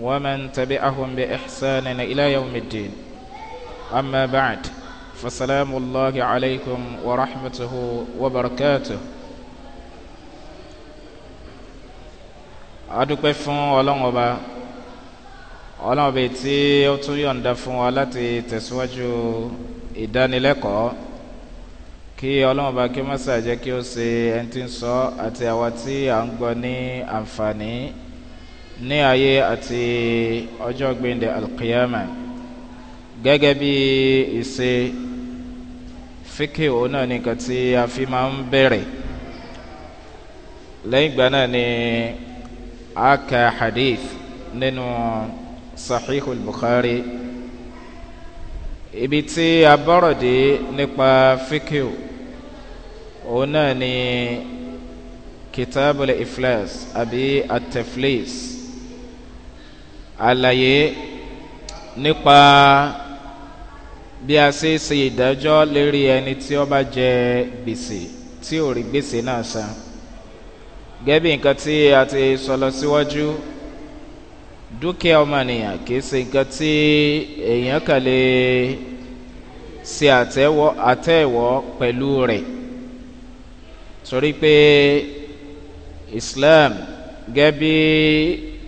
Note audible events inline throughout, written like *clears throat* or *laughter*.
ومن تبعهم بإحسان إلى يوم الدين أما بعد فسلام الله عليكم ورحمته وبركاته adúpẹ́ fún ọlọ́run ọba ọlọ́run ọba tí ó tún yọ̀ǹda fún wa láti tẹ̀síwájú ìdánilẹ́kọ̀ọ́ kí ọlọ́run ọba kí ó má kí ó ṣe ẹni tí ń sọ àti àwa tí à ń gbọ́ ní àǹfààní ní ayé àti ọjọ́ gbẹ̀ndẹ̀ alqiyama gẹ́gẹ́ bí ìṣe fíkì òun náà nìkan tí a fi máa ń bẹ̀rẹ̀ lẹ́yìn ìgbà náà ni a ka hadith nínú sahih al-bukhari ibi tí a bọ̀rọ̀ dé nípa fíkì òun náà ni kitabul iflas àbí ateflis àlàyé nípa bí a ṣe ṣe ìdájọ́ lérí ẹni tí ó bá jẹ gbèsè tí ò rí gbèsè náà san gẹ́bí nǹkan tí a ti sọ lọ síwájú dúkìá ọmọnìyàn kì í ṣe nǹkan tí èèyàn kàn lè ṣe àtẹ̀wọ́ pẹ̀lú rẹ̀ torí pé islam gẹ́bí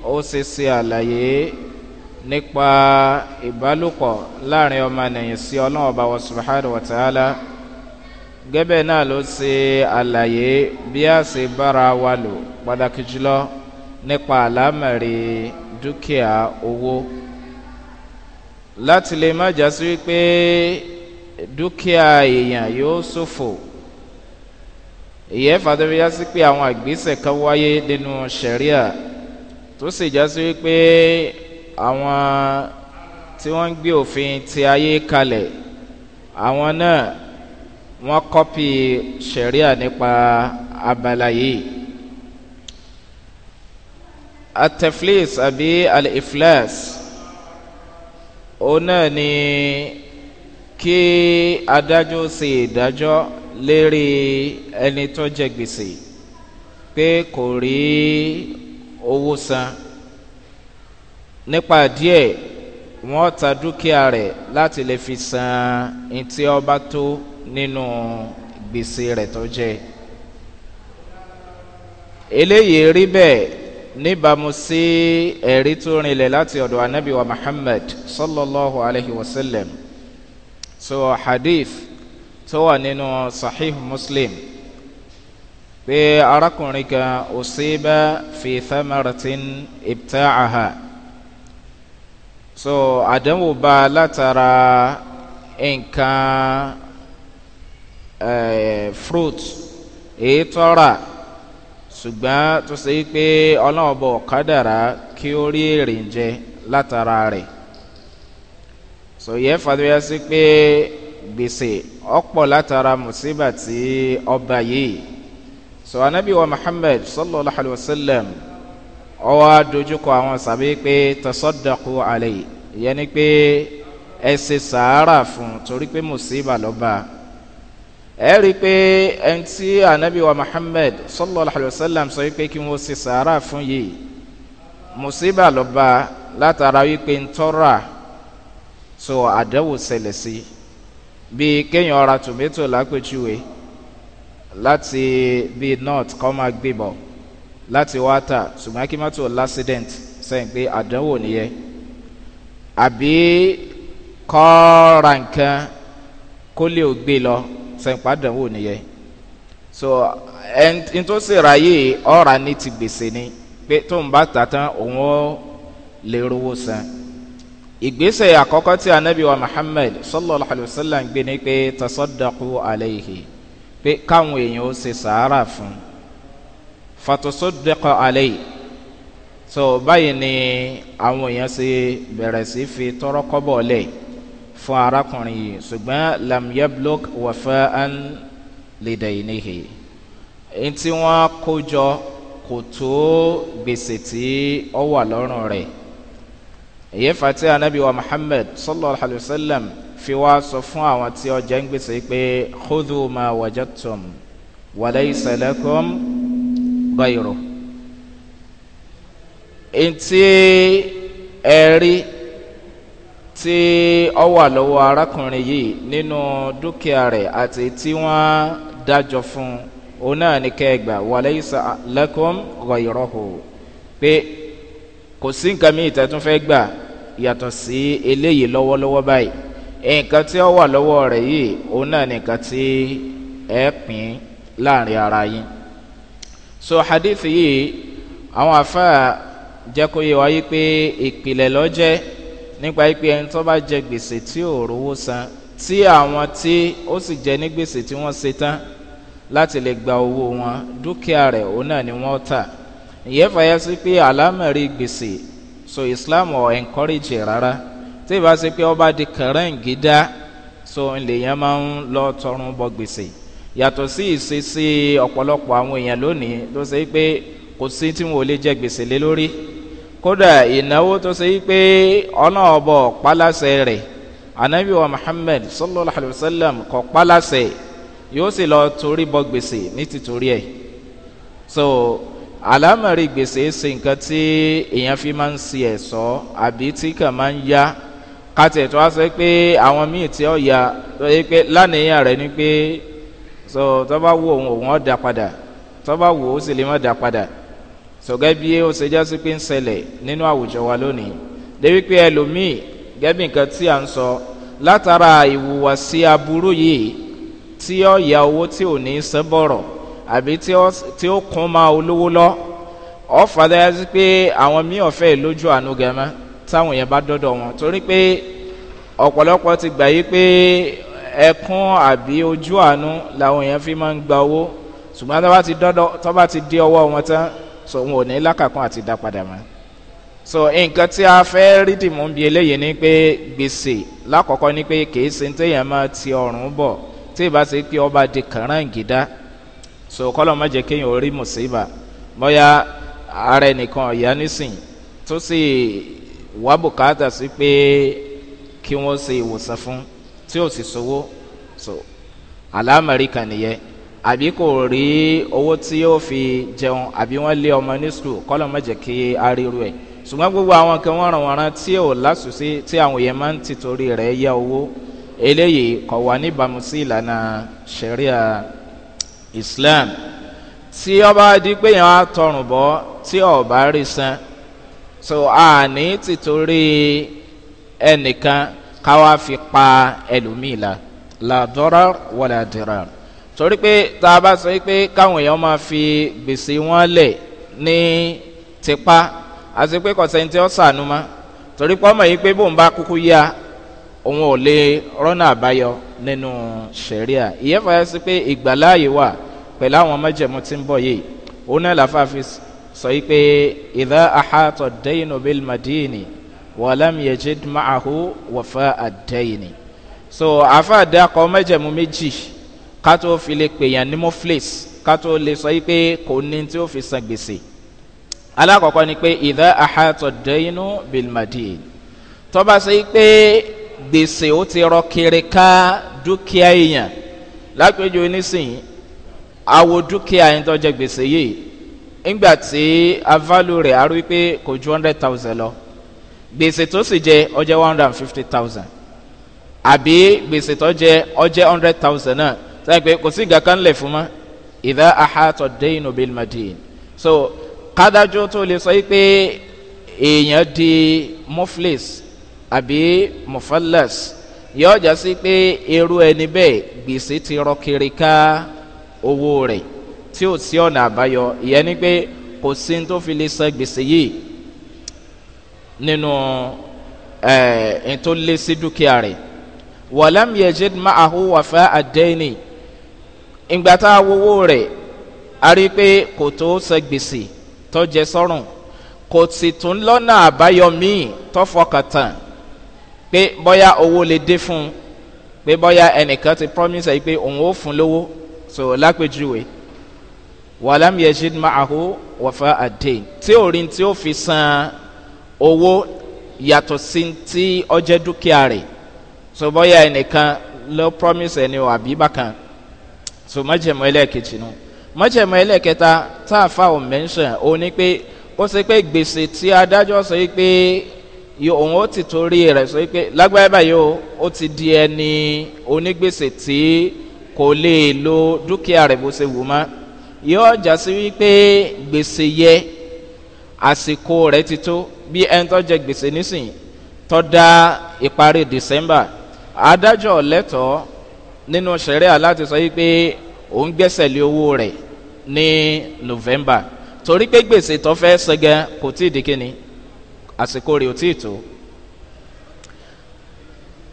ó ṣe ṣe àlàyé nípa ìbálòpọ̀ láàrin ọmọ nìyẹn sí ọlọ́run ọba wa subahana wa ta'ala gẹ́bẹ̀ náà ló ṣe àlàyé bí a ṣe bára wa lò pàtàkì jùlọ nípa àlámẹ̀rẹ̀ dúkìá owó láti lè má jásí wípé dúkìá èèyàn yóò ṣòfò ìyẹn fàdébíyá pé àwọn àgbésẹ̀ kan wáyé nínú sẹ̀ríà tó sì já sí wípé àwọn tí wọ́n ń gbé òfin ti ayé kalẹ̀ àwọn náà wọ́n kọ́pì sẹ̀ríà nípa abala yìí ateflis àbí aliflas òun náà ni kí adájọ́ ṣe ìdájọ́ lérí ẹni tó jẹ gbèsè pé kò rí owó san nípa díẹ̀ wọ́n ta dúkìá rẹ̀ láti lè fi san ntí ọba tó nínú gbèsè rẹ̀ tó jẹ́ eléyìí rí bẹ́ẹ̀ níbàámu sí ẹ̀rí tó rinlẹ̀ láti ọ̀dọ̀ anabi wa muhammed sallallahu alayhi wa sallam so hadith tó wà nínú sahih muslim. pé arákùnrin kan òsínbà fi thamaratin aha so àdánwò bá a látara uh, nǹkan uh, fruit èyí tọ́ra ṣùgbọ́n tó ṣe pé ọlọ́run bọ̀ kádàrá kí ó rí èrè ń jẹ látara rẹ̀ sòyẹ́ fàdúyà sí pé gbèsè ọ̀pọ̀ látara mùsíbà tí ọba yìí. so anabi wa muhammed sallallahu alayhi wa sallam ọwọ́ adójúkọ àwọn sàbí pé tọ́sọ́dọ̀kú alẹ́ ìyẹn ni pé ẹ ṣe sàárà fún torí pé mùsíbà ló bá ẹ rí i pé ẹni tí anabi wa muhammed sallallahu alayhi wa sallam sọ pé kí wọ́n ṣe sàárà fún yìí mùsíbà ló bá látara wípé ń tọ́ra so àdẹ́wò ṣẹlẹ̀ sí bíi kéèyàn ọ̀ra tòmẹ́tò lápẹ̀júwe. So, láti bíi north kọ́ máa gbébọ̀ láti wá tà ṣùgbọ́n kí mọ́tò lásìdẹ̀ǹt sẹ́yìn pé àdánwò nìyẹn àbí kọ́ ra nǹkan kó lè gbé lọ sẹ́yìn pé àdánwò nìyẹn so ẹni tó sì ráyè ọ̀rà ní ti gbèsè ni pé tó ń bá tà tán òun ó lè rówó san ìgbésẹ̀ àkọ́kọ́ tí anabi wa muhammed sallallahu alayhi wa sallam gbé ni pé tasọ́dọ̀kú alayhi pé káwọn èèyàn ó ṣe sàárà fún fatoso dẹkọ alẹ yìí so báyìí ni àwọn èèyàn ṣe bẹ̀rẹ̀ sí fi tọrọ kọ́bọ̀ lẹ̀ fún arákùnrin yìí ṣùgbọ́n lamyeblok wàfẹ́ an lìdẹ̀yìnìhì èyí tí wọ́n kó jọ kò tó gbèsè tí ó wà lọ́rùn rẹ̀ èyí fàtí anabi wa muhammed sallallahu alayhi wa sallam fi wá sọ fún àwọn tí ọjà ń gbèsè pé kódù máa wàjà tòm wàlẹ́ ìsẹ̀lẹ̀ kọ́m gbàyìrò. Ntí ẹ̀rí tí ọ wà lọ́wọ́ arákùnrin yìí nínú dúkìá rẹ̀ àti tí wọ́n dájọ́ fún òun náà ní kẹgbà wàlẹ́ ìsẹ̀lẹ̀ kọ́m hù pé kò sí nǹkan mìíràn tẹ́tún fẹ́ gbà yàtọ̀ sí eléyìí lọ́wọ́lọ́wọ́ báyìí nǹkan tí ó wà lọ́wọ́ rẹ̀ yìí òun náà nìkan tí ẹ pín láàrin ara yín so hadithi yìí àwọn àfáà jẹ́ kó yé wa yí pé ìpìlẹ̀ lọ́jẹ́ nípa yí pé ẹni tó bá jẹ gbèsè tí ò rówó san tí àwọn tí ó sì jẹ ní gbèsè tí wọ́n ṣe tán láti lè gba owó wọn dúkìá rẹ̀ òun náà ni wọ́n tà ìyẹ́fà yẹ sí pé àlámẹ̀rí gbèsè so islam ọ̀ encourage rárá tí ìbá ṣe pé ọba di kẹrẹ́ǹgídá so lèèyàn máa ń lọ tọrùn bọ gbèsè yàtọ̀ sí ìṣesí ọ̀pọ̀lọpọ̀ àwọn èèyàn lónìí tó ṣe pé kò sí tí wọn ò lè jẹ gbèsè lé lórí kódà ìnáwó tó ṣe pé ọ̀nà ọ̀bọ̀ pálásẹ̀ rẹ̀ anabi muhammed sallallahu alayhi wa sallam kọ̀ pálásẹ̀ yóò sì lọ torí bọ gbèsè ní tìtorí ẹ̀ so alámọ̀rí gbèsè ṣe nǹkan tí èèyàn fi máa ń si ẹ̀ sọ àbí tí kàn máa ń yá kàtì ẹ̀tọ́ wá sọ pé àwọn míì tí ó ya lọ yẹ pé lánàá rẹ̀ ni pé so tó bá wo òun òun ọ̀dà padà tó wo ó sì lè má dà padà sọ̀gẹ́ bí ó ṣe já sí pé ń ṣẹlẹ̀ nínú àwùjọ wa lónìí débi pé ẹlòmíì gẹ́bí nǹkan tí à ń sọ látara ìwùwàsí aburú yìí tí ó ya owó tí ò ní sẹ́bọ̀rọ̀ àbí tí ó kún máa olówó lọ ọ̀fà dájú pé àwọn míì ọ̀fẹ́ lójú àánú gẹ́mẹ́ táwọn èèyàn bá dọ́dọ̀ wọn torí pé ọ̀pọ̀lọpọ̀ ti gbà yí pé ẹkún àbí ojú àánú làwọn èèyàn fi máa ń gba owó ṣùgbọ́n tó bá ti dọ́dọ̀ tó bá ti dé ọwọ́ wọn tán so wọn ò ní lákàkún àti dá padà mọ́ so nǹkan tí a fẹ́ rí dìmú bí eléyìí ni pé gbèsè lákọ̀ọ́kọ́ ni pé kìí ṣe téèyàn máa ti ọ̀rùn bọ̀ tí ì bá ṣe pé ọba di kàráǹgídá so kọ́lọ̀ má jẹ́ kéèyàn orí mùsíbà bóyá ara ẹnìkan ọ̀yá nísìn tó sì wà bùkátà sí pé kí wọ́n ṣe ìwòsàn fún tí ò sì sówó so alámàrí kan nìyẹn àbí kò rí owó tí yóò fi jẹun àbí wọ́n lé ọmọ ní sùkúl kọ́lọ́ mọ̀jẹ̀ kí ariru ẹ̀ ṣùgbọ́n gbogbo àwọn kan wọ́n ràn wọ́n rán tí ò lásùsí tí àwọn yẹn máa ń tìtorí rẹ̀ yá owó eléyìí kọ̀ wá níbàámu sí ìlànà sẹ̀ríà islam tí ọba dípé yẹn á tọrùn bọ́ tí ọba rí san so àní ti torí ẹnìkan káwá fi pa ẹlòmíì la làdọ́rà wọlé àdìrà torí pé tá a bá sọ pé káwọn èèyàn máa fi gbèsè wọn lẹ̀ ní tipa àti pé kọ̀sẹ̀ntì ọ̀sánú ma torí pé ọmọ yìí pé bóun bá kúkú yá òun ò lè rọ́nà àbáyọ nínú sẹ̀ríà ìyẹ́fà yẹn sí pé ìgbàláàyè wà pẹ̀lú àwọn mẹ́jẹ̀mú tí ń bọ̀ yìí òun náà làfáà fi sọ pé ìdá àhàtọ̀ dẹ́yìn obìnrin madini wàlám yẹjid máàhù wọ̀fẹ́ àdẹ́yìnì. so àfa àdàkọ mẹjẹmú méjì kátó fi lè pèèyàn ní mọ́flẹ́s kátó lè sọ yí pé kò ní tí ó fi san gbèsè. alákọ̀ọ́kọ́ ni pé ìdá àhàtọ̀ dẹ́yìnú bilmadin tọ́ba sọ yí pé gbèsè ó ti rọ kiri dúkìá èèyàn lápẹjọ onísìn àwò dúkìá yẹn tó gbèsè yìí ńgbà tí avalu rẹ̀ arú pé kò ju hundred thousand lọ gbèsè tó sì jẹ ọjẹ́ one hundred and fifty thousand àbí gbèsè tó jẹ ọjẹ́ hundred thousand náà sáyẹn pé kò sí ìgbà kan lẹ̀ fún mọ́ ìdá àhàtọ̀ dẹ́yìn òbí madin so kádájọ́ tó lè sọ pé èèyàn di muflis àbí mufalas yọjà sí pé irú ẹni bẹ́ẹ̀ gbèsè ti rọ kiri ká owó rẹ̀ tí ò sí ọ̀nà àbáyọ ìyẹn ni pé kò sí ní tó fi lè san gbèsè yìí nínú ẹ̀ ń tó lé sí dúkìá rẹ̀ wàlám yẹjẹ máàhù wàfà àdẹ́ni ìgbà tá a wowó rẹ̀ a rí i pé kò tó san gbèsè tọ́jẹ sọ́rùn kò sì tún lọ́nà àbáyọ míì tọ́fọkàntàn pé bọ́yá owó lè dé fún un pé bọ́yá ẹnìkan ti promise ẹ̀ pé òun ó fún lówó so lápèjúwe. Like wàlámù yẹsìn máàhó wàfà àdé tí òrin tí ó fi san owó yàtọ̀ sí ti ọjẹ́ dúkìá rẹ̀ so bọ́yá ẹnìkan ló promise ẹni o àbí bákan so mọ̀jẹ̀mọ́ ẹlẹ́ẹ̀kejì nù mọ̀jẹ̀mọ́ ẹlẹ́ẹ̀kẹta tá a fa ò mẹ́ńsàn ó ní pé ó ṣe pé gbèsè tí adájọ́ sọ yìí pé òun ó ti torí rẹ̀ sọ yìí pé lágbáyé báyìí ó ti di ẹni onígbèsè tí kò lè lo dúkìá rẹ̀ bó ṣe wù mọ́ yóò jásí wípé gbèsè yẹ àsìkò rẹ̀ ti tó bí ẹni tó jẹ gbèsè nísìnyí tó dá ìparí december adájọ́ lẹ́tọ̀ọ́ nínú sẹ̀ríà láti sọ wípé òun gbẹ́sẹ̀ lé owó rẹ̀ ní november torí pé gbèsè tó fẹ́ sẹ́gẹ́ kò tí ì di kíni àsìkò rẹ̀ ò tí ì tó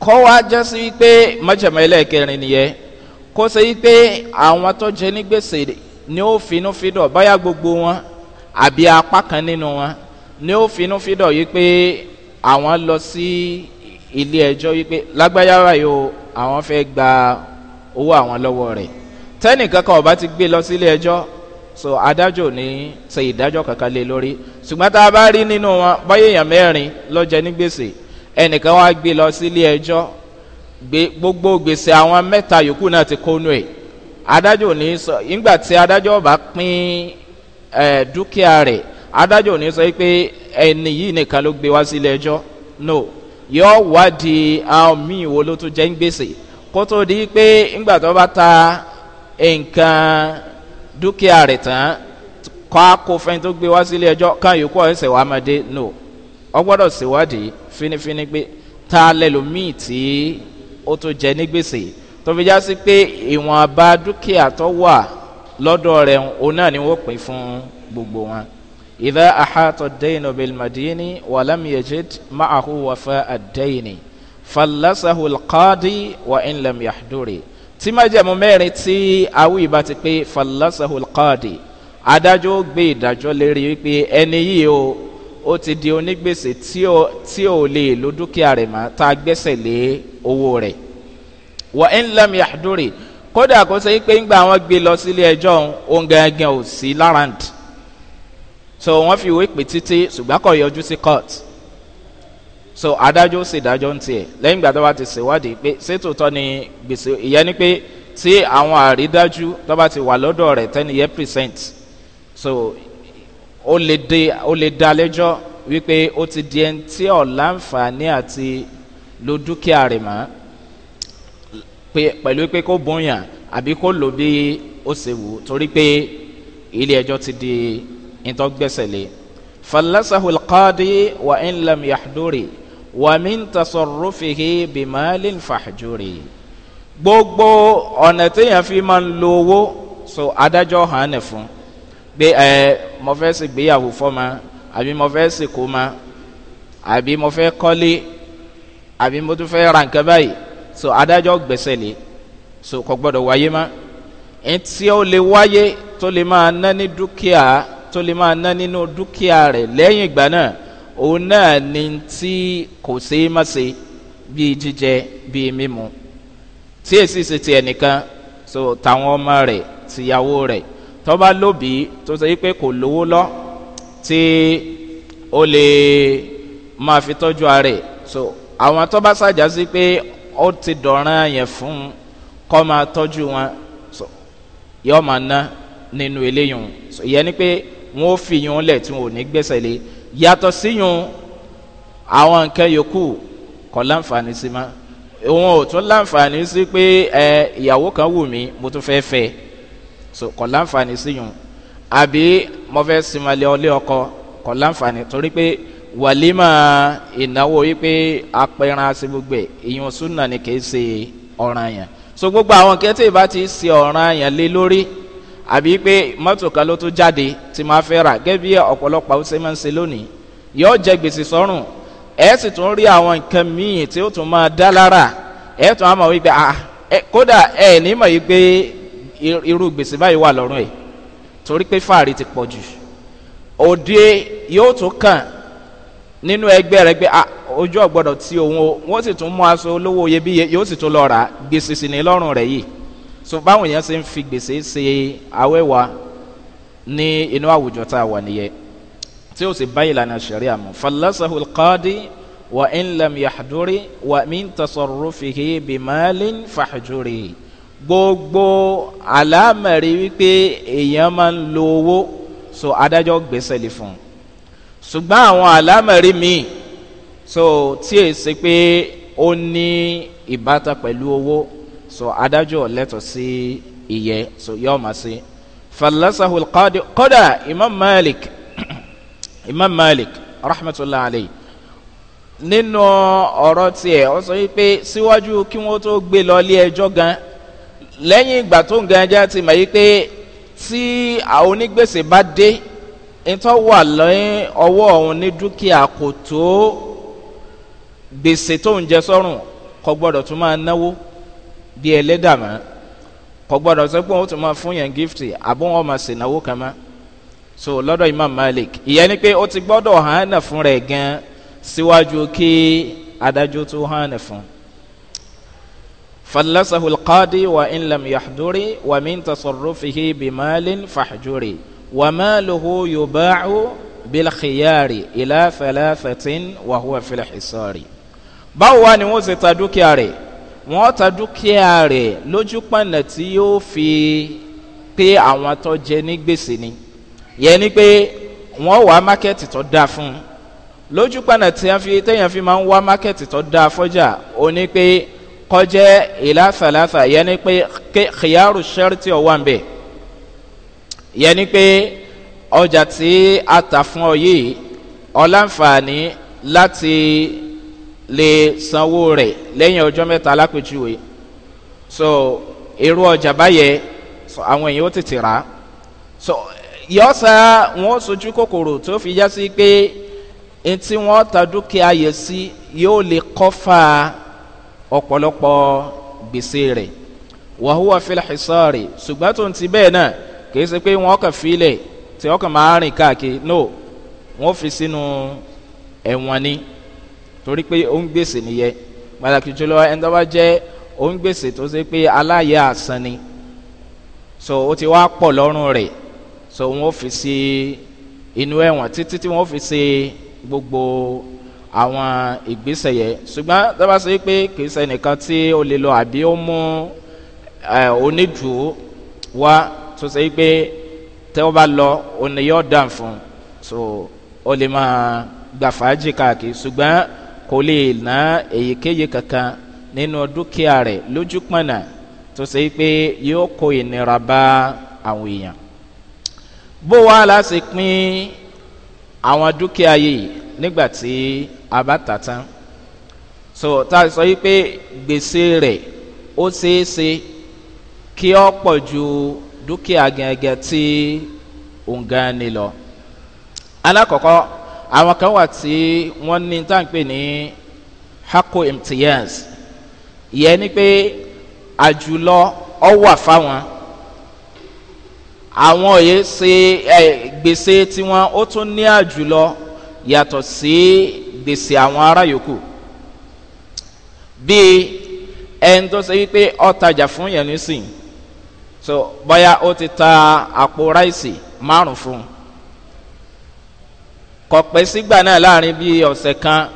kọ́ wa jẹ́ wípé májèmọ́ ẹlẹ́ẹ̀kẹrin nìyẹn kó sẹ́ wípé àwọn tó jẹ ní gbèsè ni ó finúfidọ̀ báyà gbogbo wọn àbí apá kan nínú wọn ni ó finúfidọ̀ yìí pé àwọn lọ sí ilé ẹjọ́ wípé lágbáyàwá yìí o àwọn fẹ́ gba owó àwọn lọ́wọ́ rẹ̀ tẹ́nìkan kan ọba ti gbé lọ sí ilé ẹjọ́ so adájọ́ ní ṣe ìdájọ́ kankan lé lórí ṣùgbọ́n tá a bá rí nínú wọn báyé èèyàn mẹ́rin lọ́jẹ́ ní gbèsè ẹnìkan wá gbé lọ sí ilé ẹjọ́ gbogbo gbèsè àwọn mẹ́ta yòókù náà ti kónú ẹ̀ adájọ́ ò ní sọ nígbà tí adájọ́ ọba pín dúkìá rẹ̀ adájọ́ ní sọ pé ẹni yìí nìkan ló gbé wá sílé ẹjọ́ no yọ wádìí àwọn míì wo ló tún jẹ́ gbèsè kó tó di pé nígbà tó bá ta nǹkan dúkìá rẹ̀ tán kọ́ tó gbé wá sílé ẹjọ́ kan yòókù finifini pé ta lẹ́lòmíì tí ó tó fi já sí pé ìwọ̀nba dúkìá tó wà lọ́dọ̀ rẹ̀ òun náà ni wọ́n pè fún gbogbo wọn. ìdá àhàtọ̀ dẹ́yìn ọ̀bẹ̀ màdínì wà lámìyẹ̀jẹ̀ máa hù wà fẹ́ àdẹ́yìn falasahu alqaadi wa in lam yahduri tí májẹ̀mú mẹ́rin tí awú ìbá ti pé falasahu adájọ́ gbé ìdájọ́ lérí wípé ẹni yìí o ó ti di onígbèsè tí ò lè lo dúkìá rẹ̀ mọ́ tá a gbẹ́sẹ̀ lé owó rẹ̀ wà ń lẹ́m yàdúrè kódà kó sẹ́yìn pé ńgbà wọn gbé lọ sílé ẹjọ́ òun gẹ́gẹ́ ò sí lárand so wọ́n fi ìwé pè títí ṣùgbọ́n kò yọjú sí court so adájọ́ ó sì dájọ́ ń tiẹ̀ lẹ́yìn ìgbà tó bá ti ṣèwádìí pé sétòótọ́ ni gbèsè ìyẹn ni pé tí àwọn àrídájú tó bá ti wà lọ́dọ̀ rẹ̀ tẹ́ni yẹn present so ó lè dé ó lè dá lẹ́jọ́ wípé ó ti di ẹni tí ọ̀ láǹfààní àti lo dúkìá rẹ̀ mọ́ pẹ̀lú pé kó bóyá àbí kó lò bí ó ṣe wù torí pé ilé ẹjọ́ ti di ìtọ́gbẹ́sẹ̀lẹ̀ falasahu alqaadi wa in lam yahduri wa min tasarrufihi bimalin fahjuri gbogbo ọ̀nà téèyàn fi máa ń lo owó so adájọ́ hàn ní fún pé ẹ mo fẹ́ sì gbéyàwó fọ́mọ àbí mo fẹ́ sì kó ma àbí mo fẹ́ kọ́lé àbí mo tún fẹ́ ra nǹkan báyìí so adájọ́ gbẹ̀sẹ̀ lé so kò gbọ́dọ̀ wáyé má etí ó lè wáyé tó lè máa ná ní dúkìá tó lè máa ná nínú dúkìá rẹ̀ lẹ́yìn ìgbà náà òun náà ni tí kò ṣe má ṣe bíi jíjẹ bíi mímu tí èsì ṣe ti ẹnìkan so tàwọn ọmọ rẹ̀ tìyàwó rẹ̀ tọ́ba lóbi tó ṣe pé kò lówó lọ tí ó lè máa fi tọ́jú ara rẹ̀ so àwọn tọ́ba ṣàjà sí pé ó ti dọ̀ràn yẹn fún kọ́ máa tọ́jú wọn yọ máa ná nínú eléyìí ìyẹn ni pé wọn ò fi yún lẹ̀ tí wọn ò ní gbèsè lé yàtọ̀ sí yún àwọn nǹkan yòókù kọ́ láǹfààní sí ma òun ò tún láǹfààní sí pé ẹ ìyàwó kan wù mí mo tún fẹ́ fẹ́ so kọ́ láǹfààní sí yún àbí mo fẹ́ simalẹ̀ ọlé ọkọ kọ́ láǹfààní torí pé wàlímà ìnáwó wípé apẹran àti gbogbo ìyún súnà ni kìí ṣe ọ̀ràn yẹn so gbogbo àwọn kẹtẹ ìbá ti ṣe ọ̀ràn yẹn lé lórí àbí pé mọ́tò kan ló tún jáde tí máa fẹ́ rà gẹ́gẹ́ bí ọ̀pọ̀lọpọ̀ àwọn máa ń ṣe lónìí yóò jẹ gbèsè sọ́rùn ẹ̀ sì tún rí àwọn nǹkan míì tí ó tún máa dá lára ẹ̀ tún á mọ̀ wípé ah kódà ẹ̀ ní mọ̀ yìí pé irú gbèsè báyìí wà lọ́rùn ẹ̀ torí pé fàárì ti pọ̀ jù òde yóò tún kàn nínú ẹgbẹ́ rẹ pé ojú ọ̀gbọ́dọ̀ tí òun o wọ́n sì tún mú aṣọ olówó iyebíye yóò sì tún lọ rà gbèsè sì ní lọ́rùn rẹ̀ yìí so báwọn èèyàn ṣe ń fi gbèsè ṣe awẹ́wà ní inú àwùjọ tá a wà nìyẹn tí ó sì bá ìlànà ṣẹ̀rí àmọ́ falasahu alqadi wa inlam yahduri wa min tasarrufihi bimalin fahjuri gbogbo alámẹ̀rí wípé èèyàn máa ń lo owó so adájọ́ gbèsè lè fún un ṣùgbọ́n àwọn àlámẹ̀rí míì so tí è ṣe pé ó ní ìbátan pẹ̀lú owó so adájọ́ lẹ́tọ̀ sí ìyẹ so yóò máa ṣe falasahu qadi kódà imam malik *clears throat* imam malik rahmatulahi alayhi nínú ọ̀rọ̀ tiẹ̀ ó sọ wípé síwájú kí wọ́n tó gbé lọ ilé ẹjọ́ gan lẹ́yìn ìgbà tó ń gan ti mọ̀ yí pé tí àwọn onígbèsè bá dé ìtọ́ wà lẹ́yìn ọwọ́ òun ní dúkìá kò tó gbèsè tó ń jẹ sọ́rùn kò gbọ́dọ̀ tún máa náwó bí ẹlẹ́dàmọ́ kò gbọ́dọ̀ sọ pé òun tún máa fún yẹn gíftì àbọ̀ wọn máa sì náwó kan mọ́ so lọ́dọ̀ imam malik ìyẹn ni pé ó ti gbọ́dọ̀ hàn án fún rẹ̀ gan síwájú kí adájọ́ tó hàn án fún. fallasahu alqadi wa in lam yaxduri wa min tasarrufihi وماله يباع بالخيار إلى ثلاثة وهو في الحصار báwo ni wọ́n ṣe ta dúkìá rẹ̀ wọ́n ta dúkìá rẹ̀ lójú pọ̀nà tí yóò fi pé àwọn tó jẹ ní gbèsè ni yẹn ni pé wọ́n wá mákẹ́tì tó dáa fún un lójú pọ̀nà téèyàn fi máa ń wá mákẹ́tì tó dáa fọ́jà ó ní pé kọjá ìlà yẹn ni pé kíyàrú ṣẹ́rìtì ọ̀wá ń bẹ̀ẹ́ ìyẹn ni pé ọjà tí a tà fún ọ yìí ọláǹfààní láti lè sanwó rẹ̀ lẹ́yìn ọjọ́ mẹ́ta alápèjúwe so irú ọjà báyẹ so àwọn èèyàn ó tètè rà so yọ́sà wọn sojú kòkòrò tó fi yá sí pé n tí wọ́n ta dúkìá yẹ sí yóò lè kọ́fà ọ̀pọ̀lọpọ̀ gbèsè rẹ̀ wàhùwà fìlà xìsọ́ọ̀rì ṣùgbọ́n tó ń ti bẹ́ẹ̀ náà kìí ṣe pé wọ́n kàn filẹ̀ tí wọ́n kàn máa rìn káàkiri no wọ́n fi sínú ẹ̀wọ̀n ni torí pé ó ń gbèsè nìyẹn pàtàkì jùlọ ẹni jẹ́ ó ń gbèsè tó ṣe pé aláyẹ àsán ni so ó ti wá pọ̀ lọ́rùn rẹ̀ so wọ́n fi sí inú ẹ̀wọ̀n títí tí wọ́n fi ṣe gbogbo àwọn ìgbésẹ̀ yẹn ṣùgbọ́n tó bá ṣe pé kìí ṣe nìkan tí ó lè lọ àbí ó mú onídùú wá tó ṣe pé tẹ́ wọ́n bá lọ òní yóò dàn fún so ó lè máa gbà fàájì káàkiri ṣùgbọ́n kò lè ná èyíkéyìí kankan nínú dúkìá rẹ̀ lójú pọ̀nà tó ṣe pé yóò kó ìnira bá àwọn èèyàn bó wá láti pín àwọn dúkìá yìí nígbà tí a bá tà tán so tá a sọ yìí pé gbèsè rẹ̀ ó ṣeé ṣe kí ọ pọ̀ ju dúkìá gẹ́gẹ́ tí òǹgàn ni lọ. alákọ̀ọ́kọ́ àwọn kan wà tí wọ́n ní táǹpé ní hako mts ìyẹn ni pé àjùlọ ọ wà fáwọn àwọn òye ṣe gbèsè tiwọn ó tún ní àjùlọ yàtọ̀ sí gbèsè àwọn ará yòókù bíi ẹni tó ṣe wípé ọ tajà fún yẹn nísìnyí so bọ́yá ó ti ta àpò ráìsì márùn fún un kọ̀ pẹ́ sígbà náà láàrin bíi ọ̀sẹ̀ kan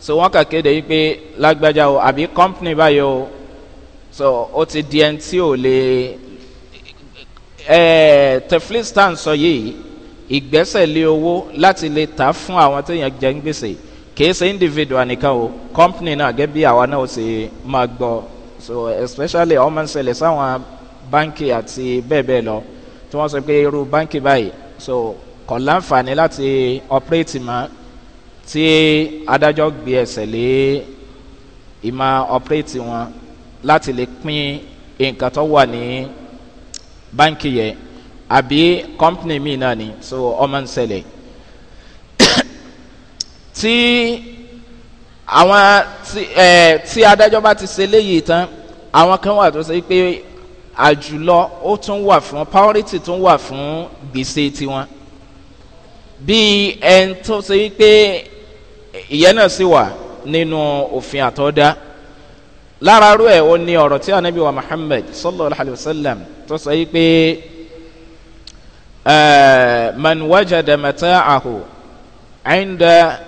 so wọ́n kà kéde yìí pé lágbájá o àbí kọ́mpìnì báyìí o so ó ti di ẹni tí ò lè ẹ̀ẹ́ teflistan sọ yìí ìgbésẹ̀ lé owó láti lè ta fún àwọn téèyàn jẹ́ ń gbèsè kìí ṣe individual nìkan o company náà gẹ́gẹ́ bí àwa náà ó sì máa gbọ́ so especially ọmọ ń ṣẹlẹ̀ sáwọn Banki àti bẹ́ẹ̀ bẹ́ẹ̀ lọ tí wọ́n sọ pé irú báńkì báyìí so kọ̀ láǹfààní láti ọ̀pẹ́rẹ́tì mọ́ tí adájọ́ gbé ẹsẹ̀ lé ìmọ̀ ọ̀pẹ́rẹ́tì wọn láti lè pín nǹkan tó wà ní báńkì yẹn àbí kọ́mpìnì míì náà ni so ọmọ ń ṣẹlẹ̀ *coughs* tí àwọn eh, tí adájọ́ bá ti ṣe léyìí tán àwọn kan wà tó ṣe pé àjùlọ ó tún wà fún priority tún wà fún gbèsè tiwọn bíi ẹn tó ṣe wípé ìyẹn náà sì wà nínú òfin àtọ́dá lára rú ẹ̀ ó ní ọ̀rọ̀ tí anabi wa muhammed sallallahu alayhi wa sallam tó ṣe wípé man wajada mata'ahu inda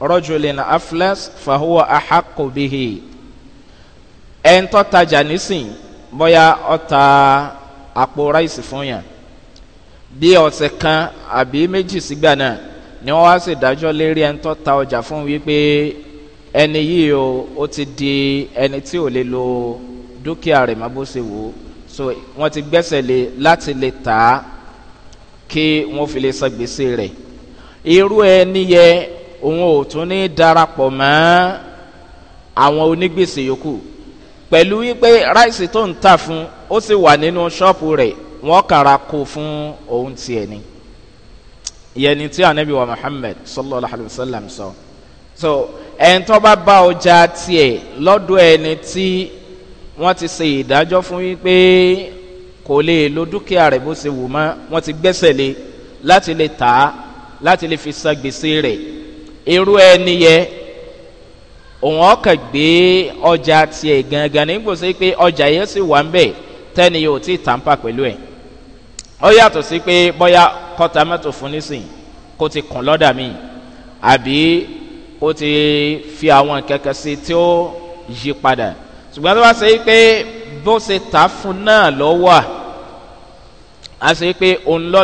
rojulin aflas fahuwa ahakubihi ẹn tó tajà nísìnyí bọ́yá ọ̀ta àpò ráìsì fún yàn bí ọ̀sẹ̀ kan àbí méjì sígbà náà ni wọ́n wá sì dájọ́ lérí ẹni tó ta ọjà fún wípé ẹni yìí o ó ti di ẹni tí ò lè lo dúkìá rẹ̀ má bó ṣe wò ó so wọ́n ti gbẹ́sẹ̀ lé láti lè tà á kí wọ́n fi lè san gbèsè rẹ̀ irú ẹni yẹ òun ò tún ní darapọ̀ mọ́ àwọn onígbèsè yòókù pẹ̀lú wípé ráìsì tó ń tà fún ó sì wà nínú ṣọ́ọ̀pù rẹ̀ wọ́n kàrà kó fún òun tiẹ̀ ni ìyẹn tí anabi wa muhammed sallallahu alayhi wa sallam sọ so ẹni tó bá bá ọjà tiẹ̀ lọ́dọ̀ ẹni tí wọ́n ti ṣe ìdájọ́ fún wípé kò lè lo dúkìá rẹ̀ bó ṣe wù mọ́ wọ́n ti gbẹ́sẹ̀ lé láti lè tà láti lè fi san gbèsè rẹ̀ irú ẹni yẹn òun ọkàn gbé ọjà tiẹ̀ gangan nígbò sí pé ọjà yẹn sì wà ń bẹ̀ tẹ́ni yóò ti tàǹpà pẹ̀lú ẹ̀ ó yàtọ̀ sí pé bọ́yá kọ́ta mẹ́tò fún nísìn kó ti kàn lọ́dà míì àbí ó ti fi àwọn kẹ̀kẹ́ sí tí ó yí padà ṣùgbọ́n tó bá ṣe pé bó ṣe tà fún náà lọ́wọ́ à pé òun lọ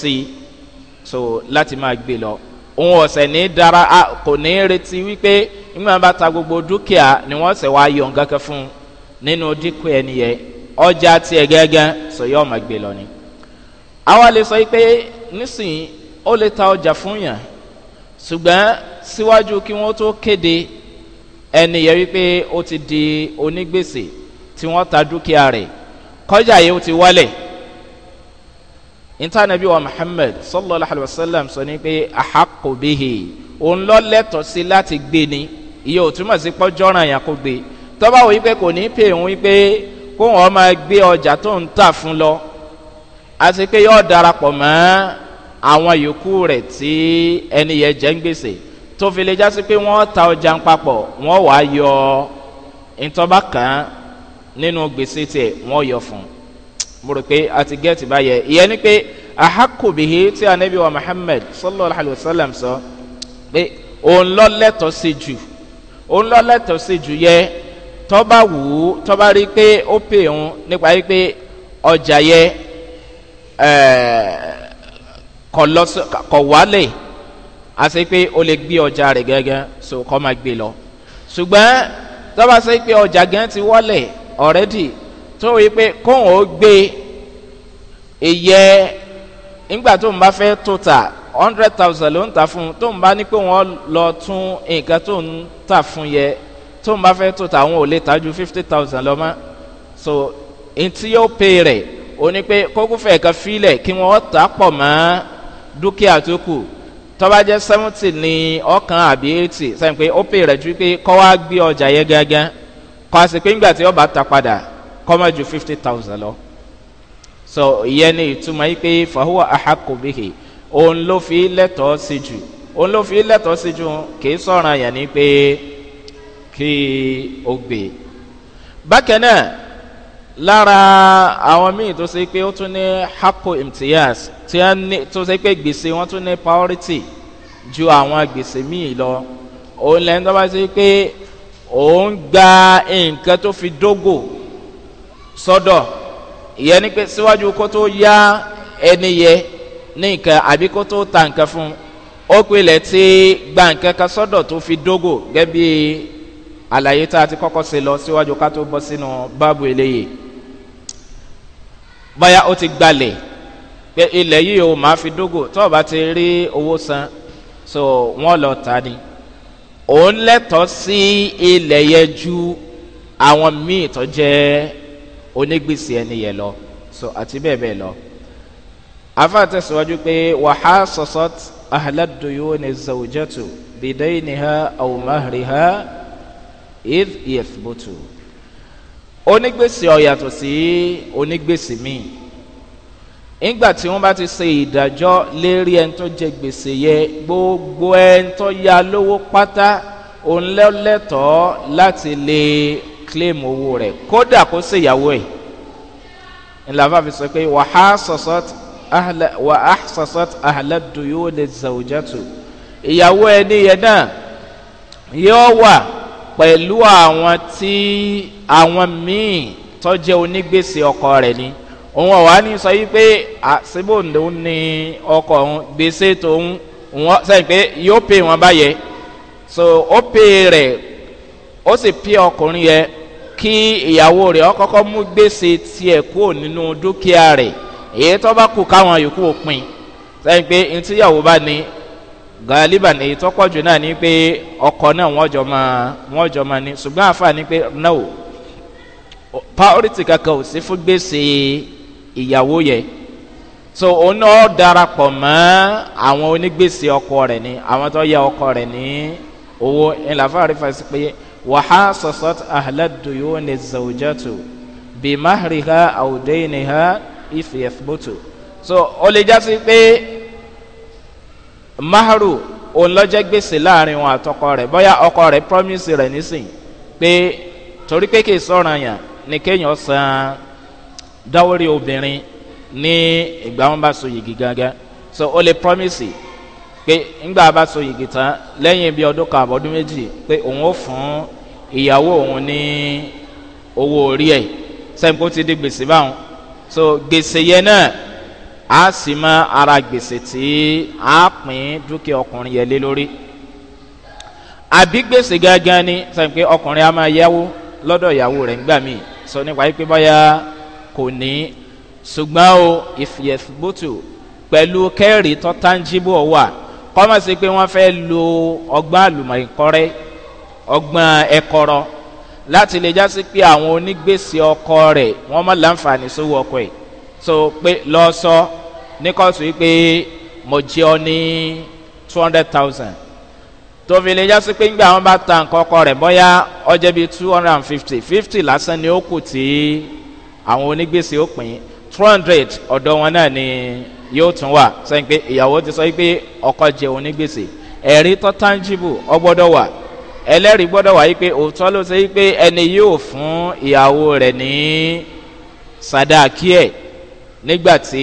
sí i so láti máa gbé lọ òun ọ̀sẹ̀ ní dara kò ní retí wípé nígbà bá ta gbogbo dúkìá ni wọ́n sẹ̀ wá yọ̀ nǹkan kan fún un nínú dínkù ẹni yẹn ọjà tiẹ̀ gẹ́gẹ́ sọ yọ ọmọ gbé lọ ni. àwa lè sọ pé nísìnyí ó lè ta ọjà fún yàn ṣùgbọ́n síwájú kí wọ́n tó kéde ẹni yẹn wípé ó ti di onígbèsè tí wọ́n ta dúkìá rẹ̀ kọjá yìí ó ti wọlé nta nabi wa muhammed sallallahu alayhi wa sallam sọ ni pé ahakko bihi òun lọ lẹ́tọ̀ sí láti gbé ni iye ò túmọ̀ sí pọ́jọ́ràn yẹn kó gbé tọ́ba wò wípé kò ní pè ń wípé kó wọn máa gbé ọjà tó ń tà fún lọ àti pé yóò darapọ̀ mọ́ àwọn yòókù rẹ̀ tí ẹni yẹn jẹ́ ń gbèsè tó fi lè jásí pé wọ́n ta ọjà ń papọ̀ wọ́n wàá yọ ìtọ́ba kan nínú gbèsè tiẹ̀ wọ́n yọ fún un mo rò pé a ti gẹ́ẹ̀tì báyẹ ìyẹn ni pé ahakobihi tí anabi wa muhammed sallallahu alayhi wa sallam sọ pé òun lọ lẹ́tọ̀ọ́ sí jù òun lọ lẹ́tọ̀ọ́ sí jù yẹ tọ́ba wù ú tọ́ba rí i pé ó pè ń nípa yí pé ọjà yẹ kọ̀ wálé àti pé o lè gbé ọjà rẹ̀ gẹ́gẹ́ so kọ́ máa gbé lọ ṣùgbọ́n tọ́ba sọ pé ọjà gẹ́gẹ́ ti wọlé ọ̀rẹ́dì tó yí pé kóun ó gbé ìyẹ nígbà tó ń bá fẹ́ tó ta hundred thousand ló ń ta fún un tó ń bá ní pé wọ́n lọ tún nǹkan tó ń tà fún yẹ tó ń bá fẹ́ tó ta àwọn ò lè ta ju fifty thousand lọ mọ́ so ntí yóò pè rẹ̀ o ní pé kókófẹ́ kan fílẹ̀ kí wọ́n ta pọ̀ mọ́ dúkìá tó kù tọ́ba jẹ́ seventy ní ọkàn àbí eighty sẹ́yìn pé ó pè rẹ̀ ju pé kọ́ wá gbé ọjà yẹ gángan kọ́ àsìkò ìgbà tí ọba ta padà kọ́mọ̀ ju fifty thousand lọ so ìyẹn ni ìtumọ̀ yìí pé fàhùwà àhàkùbìhì òun ló fi lẹ́tọ̀ọ́ sí jù òun ló fi lẹ́tọ̀ọ́ sí jù kì í sọ̀ràn yẹn ni pé kí o gbè bákan náà lára àwọn míì tó ṣe pé ó tún ní hapo imtiaz tó ṣe pé gbèsè wọn tún ní priority ju àwọn gbèsè míì lọ òun lẹ́nu tó bá ṣe pé òun gba nǹkan tó fi dógò sọ́dọ̀ ìyẹn ni pé síwájú kó tó yá ẹni yẹ ní nǹkan àbí kó tó ta nǹkan fún ó pilẹ̀ tí gba nǹkan kan sọ́dọ̀ tó fi dógò gẹ́gẹ́ bí àlàyé ti kọ́kọ́ se lọ síwájú ká tó bọ́ sínú báàbù eléyìí báyà ti gbalẹ̀ pé ilẹ̀ yìí o máa fi dógò tó o ti rí owó san so wọ́n lọ ta ni òun lẹ́tọ̀ọ́ sí ilẹ̀ yẹn ju àwọn míì tó jẹ́ onígbèsè ẹni yẹn lọ so àti bẹ́ẹ̀ bẹ́ẹ̀ lọ. afa tẹ̀síwájú pé wàhá sọ̀sọ́t ahladuyo ni zawjatu bidayini ha awumahiri ha if yethbutu. onígbèsè ọ̀yàtọ̀ sí onígbèsè míì nígbà tí wọ́n bá ti ṣe ìdájọ́ lérí ẹni tó jẹ gbèsè yẹ gbogbo ẹni tó ya lówó pátá òun lẹ́lẹ́tọ̀ọ́ láti lè claim owó rẹ̀ kódà kó sì yàwó ẹ̀ ńláfà fi sọ pé wàhá sọ̀sọ̀t àhàlàdù yóò lè zàwùjátù ìyàwó ẹni yẹn náà yóò wà pẹ̀lú àwọn tí àwọn míì tọ́jẹ́ onígbèsè ọkọ rẹ̀ ni òun ọ̀wá ní sọ yí pé àsìbòǹdó ni ọkọ òun gbèsè tòun sẹ́yìn pé yóò pè wọ́n báyẹn so ó pè rẹ̀ ó sì pè ọkùnrin yẹn kí ìyàwó rẹ̀ ọ kọ́kọ́ mú gbèsè tiẹ̀ kúrò nínú dúkìá rẹ̀ èyí tó bá kù káwọn yòókù òpin sẹ́yìn pé ní tíyàwó bá ní galiba èyí tó pọ̀ náà ni pé ọkọ̀ náà wọ́n jọ máa wọ́n jọ máa ní ṣùgbọ́n àǹfààní pé náà priority kankan ò sí fún gbèsè ìyàwó yẹ so òun náà darapọ̀ mọ́ àwọn onígbèsè ọkọ rẹ̀ ni àwọn tó yẹ ọkọ rẹ̀ ní owó ńlá fáwọn rí fásitì pé. وحاصصت أهل الديون الزوجة بمهرها أو دينها if يثبت so ó lè jásí pé maharu òun lọ́jẹ́ gbèsè láàrin wọn àtọkọ rẹ̀ bóyá ọkọ rẹ̀ promise rẹ̀ nísìn pé torí pé kì í sọ̀ràn yàn ni kéèyàn san dáwórí obìnrin ní ìgbà wọn bá so yìgì gángan so ó lè promise pé ńgbà bá so yìgì tán lẹ́yìn bí ọdún kan àbọ̀dún méjì pé òun ó fún ìyàwó òun ní owó orí ẹ̀ sẹ́yìn kó ti di gbèsè báwọn so gbèsè yẹn náà a sì mọ ara gbèsè tí a pín dúkìá ọkùnrin yẹn lé lórí àbí gbèsè gángan ni sẹ́yìn pé ọkùnrin a máa yáwó lọ́dọ̀ ìyàwó rẹ̀ ńgbà míì sọ nípa yìí pé báyà kò ní ṣùgbọ́n o ìfìyẹ̀fìbótò pẹ̀lú kẹ́rì tó tangible wà kọ́mọ̀ pé wọ́n fẹ́ lo ọgbọ́n àlùmọ̀ ìkọ́rẹ́ ọgbọ́n ẹ̀kọ́rọ́ láti lè jásí pé àwọn onígbèsè ọkọ rẹ̀ wọ́n mọ̀ láǹfààní sówó ọkọ ẹ̀ so pé lọ sọ ní kóòtù yìí pé mo jẹ́ ọ ní two hundred thousand tó fi lè jásí pé ńgbà wọn bá ta nǹkan ọkọ rẹ̀ bóyá ọjẹ́ bíi two hundred and fifty fifty lásán ni ó kù tí àwọn onígbèsè ó pín two hundred ọ̀dọ̀ wọn náà ni yóò tún wà sẹ́yìn pé ìyàwó ti sọ pé ọkọ jẹ́ onígbèsè ẹ̀rí tó tangible ọgbọ́dọ̀ wà ẹlẹ́rìí gbọ́dọ̀ wáyé pé òótọ́ ló ṣe pé ẹni yóò fún ìyàwó rẹ̀ ní sàdáàkì ẹ̀ nígbà tí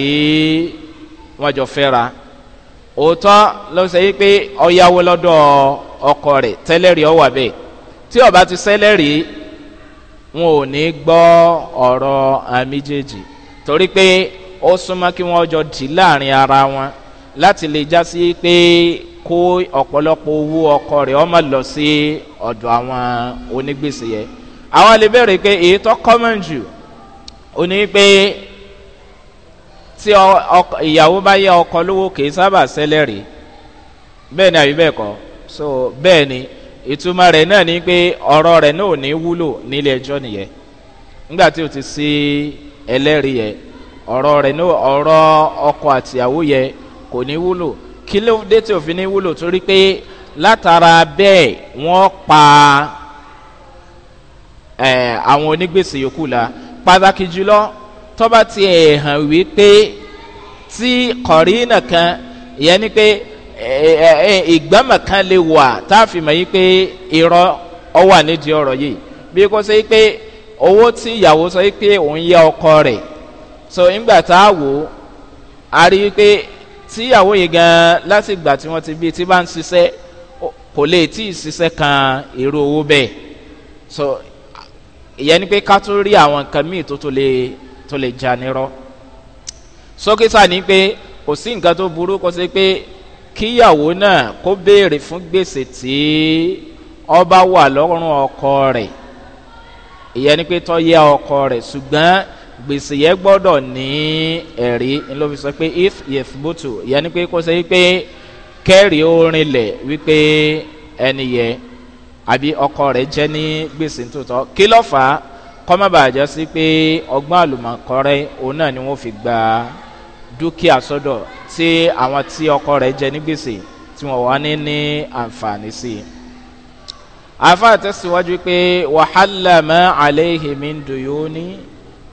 wọ́n jọ fẹ́ra òótọ́ ló ṣe pé ọ̀yàwó lọ́dọ̀ ọkọ rẹ̀ tẹ́lẹ̀rì ọ̀wà bẹ́ẹ̀ tí ọba ti sẹ́lẹ̀rì wọn ò ní gbọ́ ọ̀rọ̀ àmì jèjì torí pé ó súnmọ́ kí wọ́n jọ dì láàrin ara wọn láti lè já sí pé kó ọ̀pọ̀lọpọ̀ owó ọkọ rẹ̀ ọmọ lọ sí ọ̀dọ̀ àwọn onígbèsè yẹn àwọn lè bẹ̀rẹ̀ pé èyí tó common jù ó ní pé tí ìyàwó bá yẹ ọkọ lówó kì í sábà sẹ́lẹ̀ rí bẹ́ẹ̀ ni àbí bẹ́ẹ̀ kọ́ so bẹ́ẹ̀ ni ìtumọ̀ rẹ̀ náà ni pé ọ̀rọ̀ rẹ̀ náà ò ní wúlò nílé ẹjọ́ nìyẹn nígbà tí o ti sí ẹlẹ́rìí yẹ ọ̀rọ̀ rẹ̀ náà ọ̀rọ̀ ọkọ àtìyàwó yẹ kò ní wúlò kí ló dé tí òfin ní wúlò torí pé látara bẹ́ẹ̀ wọ́n pa àwọn onígbèsè yòókù la pàtàkì jùlọ tọ́ba ti ẹ̀ hàn wípé tí kọ̀rínà kan ìyẹn ni pé ìgbọ́mọ̀ kan lè wà tá a fi mọ̀ yìí pé irọ́ ọ wà nídìí ọ̀rọ̀ yìí bí kò sẹ́yìn pé owó tí ìyàwó sọ pé òun yẹ ọkọ rẹ̀ so ńgbà tá a wò á rí pé tíyàwó yìí gan láti ìgbà tí wọ́n ti bí tí bá ń ṣiṣẹ́ kò lè tí ì ṣiṣẹ́ kan èrò owó bẹ́ẹ̀ so ìyẹn ni pé ká tún rí àwọn nǹkan míì tó tó lè tó lè jà nírọ́ sókítà ni pé kò sí nǹkan tó burú kó ṣe pé kíyàwó náà kó béèrè fún gbèsè tí ọba wà lọ́rùn ọkọ rẹ̀ ìyẹn ni pé tọ́ yẹ ọkọ rẹ̀ ṣùgbọ́n gbèsè yẹn gbọ́dọ̀ ní ẹ̀rí ló fi sọ pé if if butu yẹn ni pé kó ṣe pé kẹ́rì orin lẹ̀ wípé ẹni yẹ àbí ọkọ rẹ̀ jẹ́ ní gbèsè tòótọ́ kí ló fà á kọ́mọ́bàjẹ́ sí pé ọgbọ́n àlùmọ̀kọ́rẹ́ òun náà ni wọ́n fi gba dúkìá sọ́dọ̀ tí àwọn tí ọkọ rẹ̀ jẹ́ ní gbèsè tí wọ́n wá ní ní àǹfààní sí i àfa àtẹ̀síwájú pé wàhálà mọ́ àlẹ́ ìhìnmí ń dùn ní.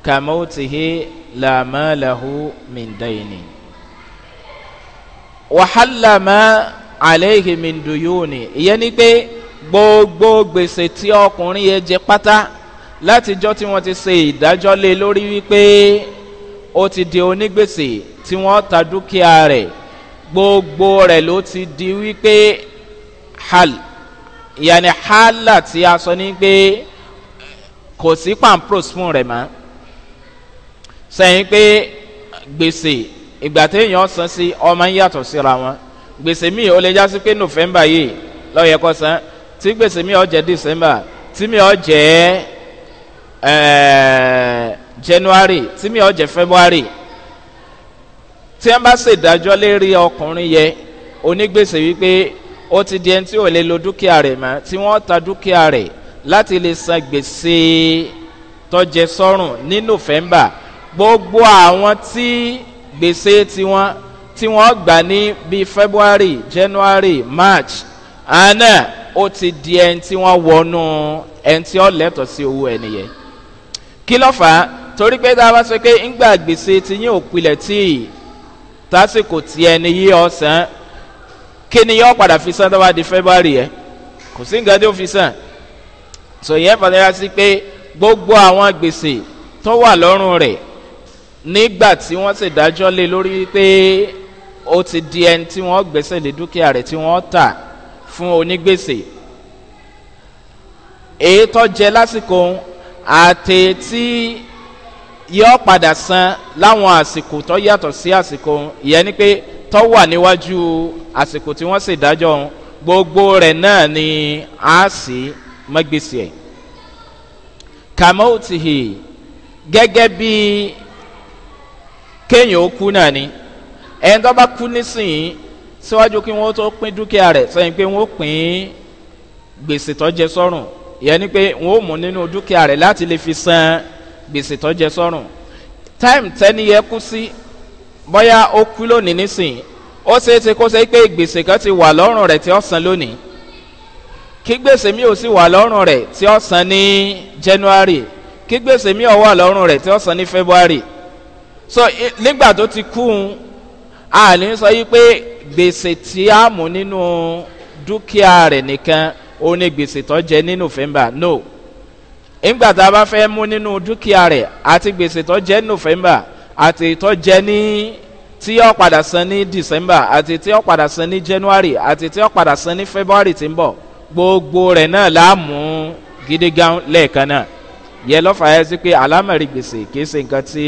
كموته لا ما له من دين وحل ما عليه من ديون يعني بي gbogbo gbèsè tí ọkùnrin yẹn jẹ pátá látijọ́ tí wọ́n ti ṣe ìdájọ́ lé lórí wípé ó ti di onígbèsè tí wọ́n ta dúkìá rẹ̀ gbogbo rẹ̀ ló ti di wípé hal yàní hálà tí a sọ ní pé kò sí pampros fún rẹ̀ mọ́ sẹ́yìn pé gbèsè ìgbà téèyàn san sí ọmọ ń yàtọ̀ síra wọn gbèsè míì ó lè já sí pé nọ́fẹ̀mbà yìí lọ́yẹ̀ kọ́ san tí gbèsè míì ó jẹ́ dísẹ́mbà tí míì ó jẹ́ january tí míì ó jẹ́ february tí wọ́n bá ṣèdájọ́ lérí ọkùnrin yẹ onígbèsè wípé ó ti di ẹni tí ò lè lo dúkìá rẹ̀ mọ́ tí wọ́n ta dúkìá rẹ̀ láti lè san gbèsè tọ́jẹ sọ́rùn ní nọ́fẹ̀mbà gbogbo àwọn tí gbèsè tiwọn tí wọ́n gbà ní bíi february january march àná ó ti di ẹni tí wọ́n wọnú ẹni tí ó lẹ́tọ̀ọ́ sí owó ẹni yẹn kí ló fà á torí pé tá a bá sọ pé ńgbà gbèsè ti yín òpilẹ̀ tí tásìkò tí ẹni yí ọ̀sán kí ni yóò padà fi san tó bá di february yẹn kò sí nǹkan tí ó fi san sọ yẹn fàtẹ́yà sí pé gbogbo àwọn gbèsè tó wà lọ́rùn rẹ̀ nígbà tí wọ́n sì dájọ́ lé lórí pé ó ti di ẹni tí wọ́n gbèsè lé dúkìá rẹ̀ tí wọ́n tà fún onígbèsè èyí tó jẹ lásìkò àti tí yọ padà san láwọn àsìkò tó yàtọ̀ sí àsìkò ìyẹn ni pé tó wà níwájú àsìkò tí wọ́n sì dájọ́ gbogbo rẹ náà ni a sì mẹgbèsè ẹ kàmóòtìhì gẹgẹ bí kéèyàn ó kú náà ni ẹni tó bá kú nísìnyí síwájú kí wọ́n tó pín dúkìá rẹ̀ sẹ́yìn pé wọ́n pín gbèsè tó jẹ sọ́rùn ìyẹn ni pé wọ́n ó mú nínú dúkìá rẹ̀ láti lè fi san gbèsè tó jẹ táìmù tẹ́ni yẹ kú sí bóyá ó kú lónìí nísìnyí ó ṣeé ṣe kó ṣe pé gbèsè kan ti wà lọ́rùn rẹ̀ tí ó san lónìí kí gbèsè mi ò sì wà lọ́rùn rẹ̀ tí ó san ní january kí gbèsè mi ò wà lọ́rùn rẹ̀ tí ó san ní february so nígbà tó ti kú un a ní sọ yí pé gbèsè tí a mú nínú dúkìá rẹ̀ nìkan ó ní gbèsè tó jẹ ní november no nígbà tá a bá fẹ́ mú nínú dúkìá rẹ̀ àti gbèsè tó jẹ ní november àti tó jẹ ní tí ó padà san ní december àti tí ó padà san ní january àti tí ó padà san ní february ti ń bọ̀ gbogbo rẹ̀ náà láàmú gídígán lẹ́ẹ̀kan náà yẹ lọ́fà ẹ́ sí pé alámẹ̀rí gbèsè kìí ṣe nǹkan tí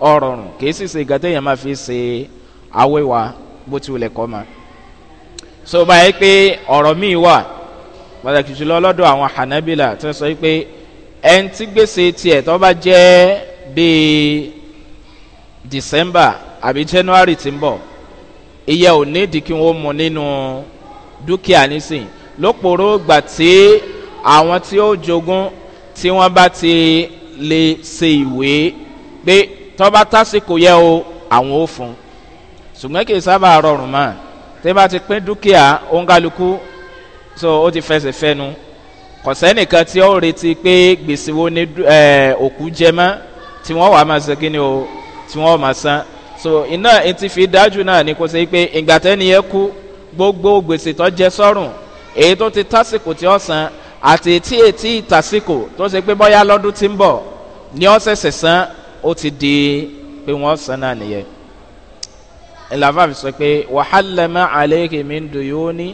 ọrọrùn kì í sì ṣe ìgbà téèyàn máa fi ṣe awéwa bó ti wulẹ̀ kọ́ ma. so báyìí pé ọ̀rọ̀ míì wà pàtàkì jùlọ lọ́dọ̀ àwọn hanabila tó sọ pé ẹni tí gbèsè tiẹ̀ tó bá jẹ́ bíi december àbí january ti ń bọ̀ iye ò ní di kí wọ́n mu nínú dúkìá nísìn lóporó gbà tí àwọn tí ó jogún tí wọ́n bá ti lè ṣe ìwé pé tọ́ba tásìkò yẹ o àwọn ò fún ṣùgbọ́n kì í sábà rọrùn mọ́ tí bá ti pín dúkìá òǹkálukú so ó ti fẹsẹ̀ fẹnu kò sẹ́nìkan tí ó retí pé gbèsè wo ni òkú jẹ mọ́ tí wọ́n wàá máa ṣe ni o tí wọ́n máa san so iná etí fi dájú náà ni kò sí pé ìgbà tẹ́niyẹ kú gbogbo gbèsè tó jẹ sọ́rùn èyí tó ti tásìkò tí ó san àti etí etí ìtàsìkò tó ṣe pé bọ́yá lọ́dún tí ń bọ̀ ni ó ṣẹ̀ṣẹ̀ san ó ti di pé wọ́n san náà nìyẹn ìlàfà fi sọ pé wàhálàmà àlẹ́kì mi ń dùyó ní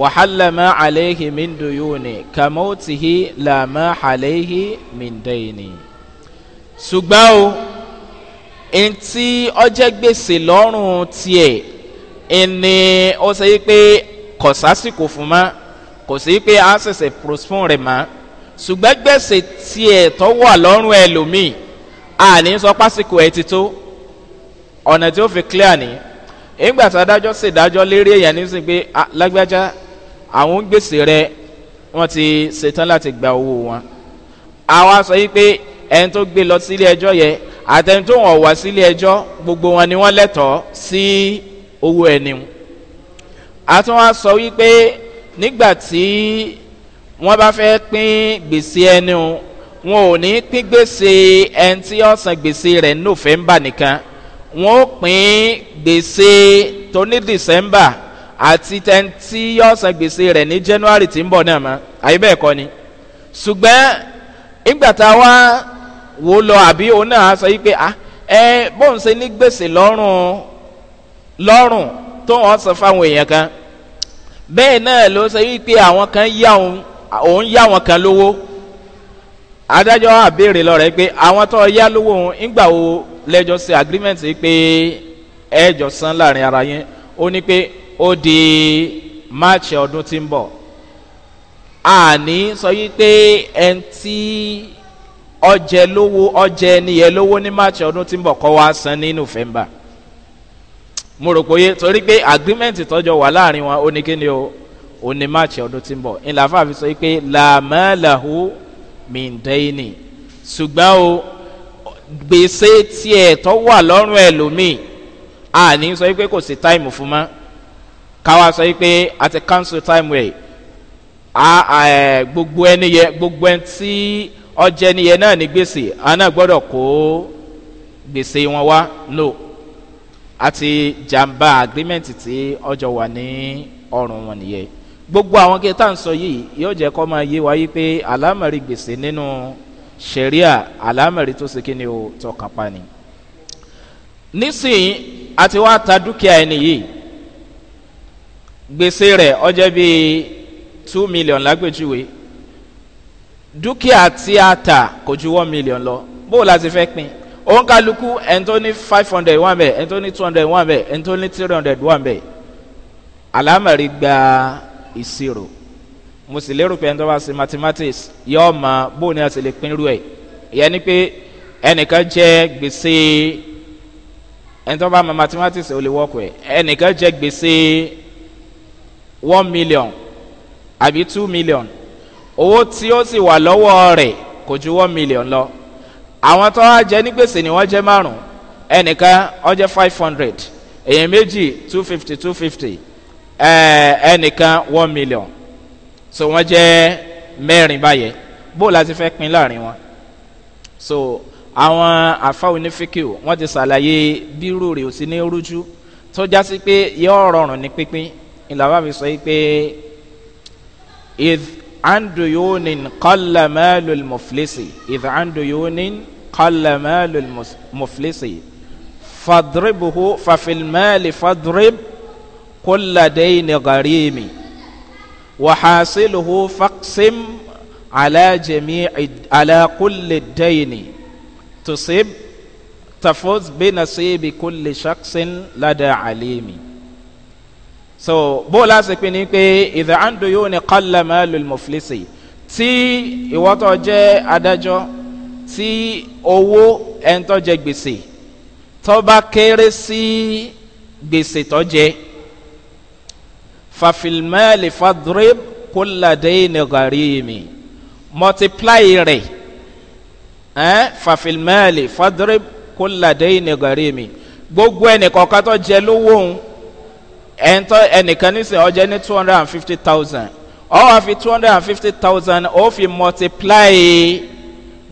wàhálàmà àlẹ́kì mi ń dùyó ní kàmótìhí làmà àlẹ́kì mi ń dẹ́yìn ní. ṣùgbọ́n o ntí ọjẹ́ gbèsè lọ́rùn tiẹ̀ ẹni ó sọ pé kọ̀sásìkò fún ma kò sí pé a ṣẹ̀ṣẹ̀ prospon rẹ̀ mọ́ ṣùgbọ́n gbèsè tiẹ̀ tó wà lọ́rùn ẹlòmíì àní sọ pásìkò ẹ ti tó ọ̀nà tí ó fi clear ni nígbà tí adájọ́ ṣèdájọ́ lérí èèyàn nísìnyí pé lágbájá àwọn gbèsè rẹ wọ́n ti ṣetán láti gba owó wọn àwọn aṣọ yìí pé ẹni tó gbé lọ sílé ẹjọ́ yẹ àtẹni tó wọ̀n wá sílé ẹjọ́ gbogbo wọn ni wọ́n lẹ́tọ̀ọ́ sí owó ẹni. àtúnwá sọ wípé nígbà tí wọ́n bá fẹ́ pín gbèsè ẹni o wọn ò ní pín gbèsè ẹni tí ó san gbèsè rẹ̀ ní nọ́fẹ̀mbà nìkan wọn ò pín gbèsè tó ní dìsẹ́mbà àti tẹ́ni tí ó san gbèsè rẹ̀ ní january tí ń bọ̀ náà mọ́ àyè bẹ́ẹ̀ kọ́ ni ṣùgbọ́n ìgbà tá a wá wò lọ àbí òun náà sọ yìí pé ah, ẹ bóun ṣe ní gbèsè lọ́rùn lọ́rùn tó wọ́n san fáwọn èèyàn kan bẹ́ẹ̀ náà ló sọ yìí pé àwọn kan yá òun òun yá wọn kan lówó adájọ́ àbèrè lọ rẹ̀ pé àwọn tó yá lówó òun ńgbà wo lẹ́jọ́ sí agreement pé ẹ̀jọ̀ san láàrin ara yẹn ó ní pé ó di march ọdún tí ń bọ̀ àní sọ yí pé ẹni tí ọjẹ lówó ọjẹ ẹniyẹ lówó ní march ọdún tí ń bọ̀ kọ́ wá san ní november mo rò pé torí pé agreement tọ́jọ́ wà láàrin wọn ó ní kí ni o òní máàcì ọdún tí ń bọ̀ ńlá fàáfi sọ pé làmàlàhù mìndẹ́yìnì ṣùgbọ́n o gbèsè tiẹ̀ tó wà lọ́rùn ẹlòmíì àní sọ pé kò sí táìmù fún mọ́ káwa sọ pé a ti cancel time rẹ̀ gbogbo ẹni yẹ gbogbo ẹni tí ọjẹ́ ni yẹ náà ní gbèsè àná gbọ́dọ̀ kó gbèsè wọn wá no àti jàǹbá agreement tí ọjọ́ wà ní ọrùn wọn nìyẹn gbogbo àwọn kí n tà ń sọ yìí yóò jẹ́ kó máa yé wáyé pé àlámẹ̀rí gbèsè nínú sẹ̀ríà àlámẹ̀rí tó ṣe kíni o tó kápá ni. nísìnyí a ti wá ta dúkìá ẹni yìí gbèsè rẹ̀ ọjọ́ bíi two million lágbèjúwe dúkìá tí a tà kò ju one million lọ bó o la ti fẹ́ pin òun kálukú ẹni tó ní five hundred one mẹ́ ẹni tó ní two hundred one mẹ́ ẹni tó ní three hundred one mẹ́ àlámẹ̀rí gba ìṣirò mo sì lérò pé ẹni tó bá ṣe mathematics yóò mọ bóun ni a sì lè pín irú ẹ̀ ìyẹn ni pé ẹnìkan jẹ gbèsè ẹni tó bá mọ mathematics ò lè wọ́ọ̀kù ẹ̀ ẹnìkan jẹ gbèsè one million àbí two million owó tí ó sì wà lọ́wọ́ rẹ̀ kò ju one million lọ àwọn tó wá jẹ ní gbèsè ni wọ́n jẹ márùn ẹnìkan ó five hundred èèyàn méjì two fifty two fifty ẹnìkan one million so wọ́n jẹ́ mẹ́rin báyẹn bóòlù àti fẹ́ pin láàrin wọn so àwọn àfáwọn onífíkìw wọ́n ti ṣàlàyé bírò rè ó sí ní rújú tó já sí pé yóò rọrùn ní pínpín ìlànà fi sọ yìí pé andoyonin kọlamalul muflisi andoyonin kọlamalul muflisi fadribuhu fafilmali fadrib. كل دين غريم وحاصله فاقسم على جميع على كل الدين تصب تفوز بنصيب كل شخص لدى عليم so bó láti pin ni pé ìdá àǹdó yóò ní kọ́lá máa lò mọ̀fìlẹ́sì tí ìwọ́tọ̀ jẹ́ adájọ́ tí owó ẹ̀ńtọ́ jẹ gbèsè tọ́ bá kéré sí gbèsè tọ́ jẹ́ fàfilmẹ́lì fàdúrẹ́b kóládéyìnì gàríyìmì multiply rẹ̀ ẹ́n fàfilmẹ́lì fàdúrẹ́b kóládéyìnì gàríyìmì gbogbo ẹnìkọ̀ọ̀kan tó jẹ lówó òun ẹ̀ńtọ́ ẹnìkan nísìnyí ọjẹ́ ní two hundred and fifty thousand ọ̀wá fi two hundred and fifty thousand ó fi multiply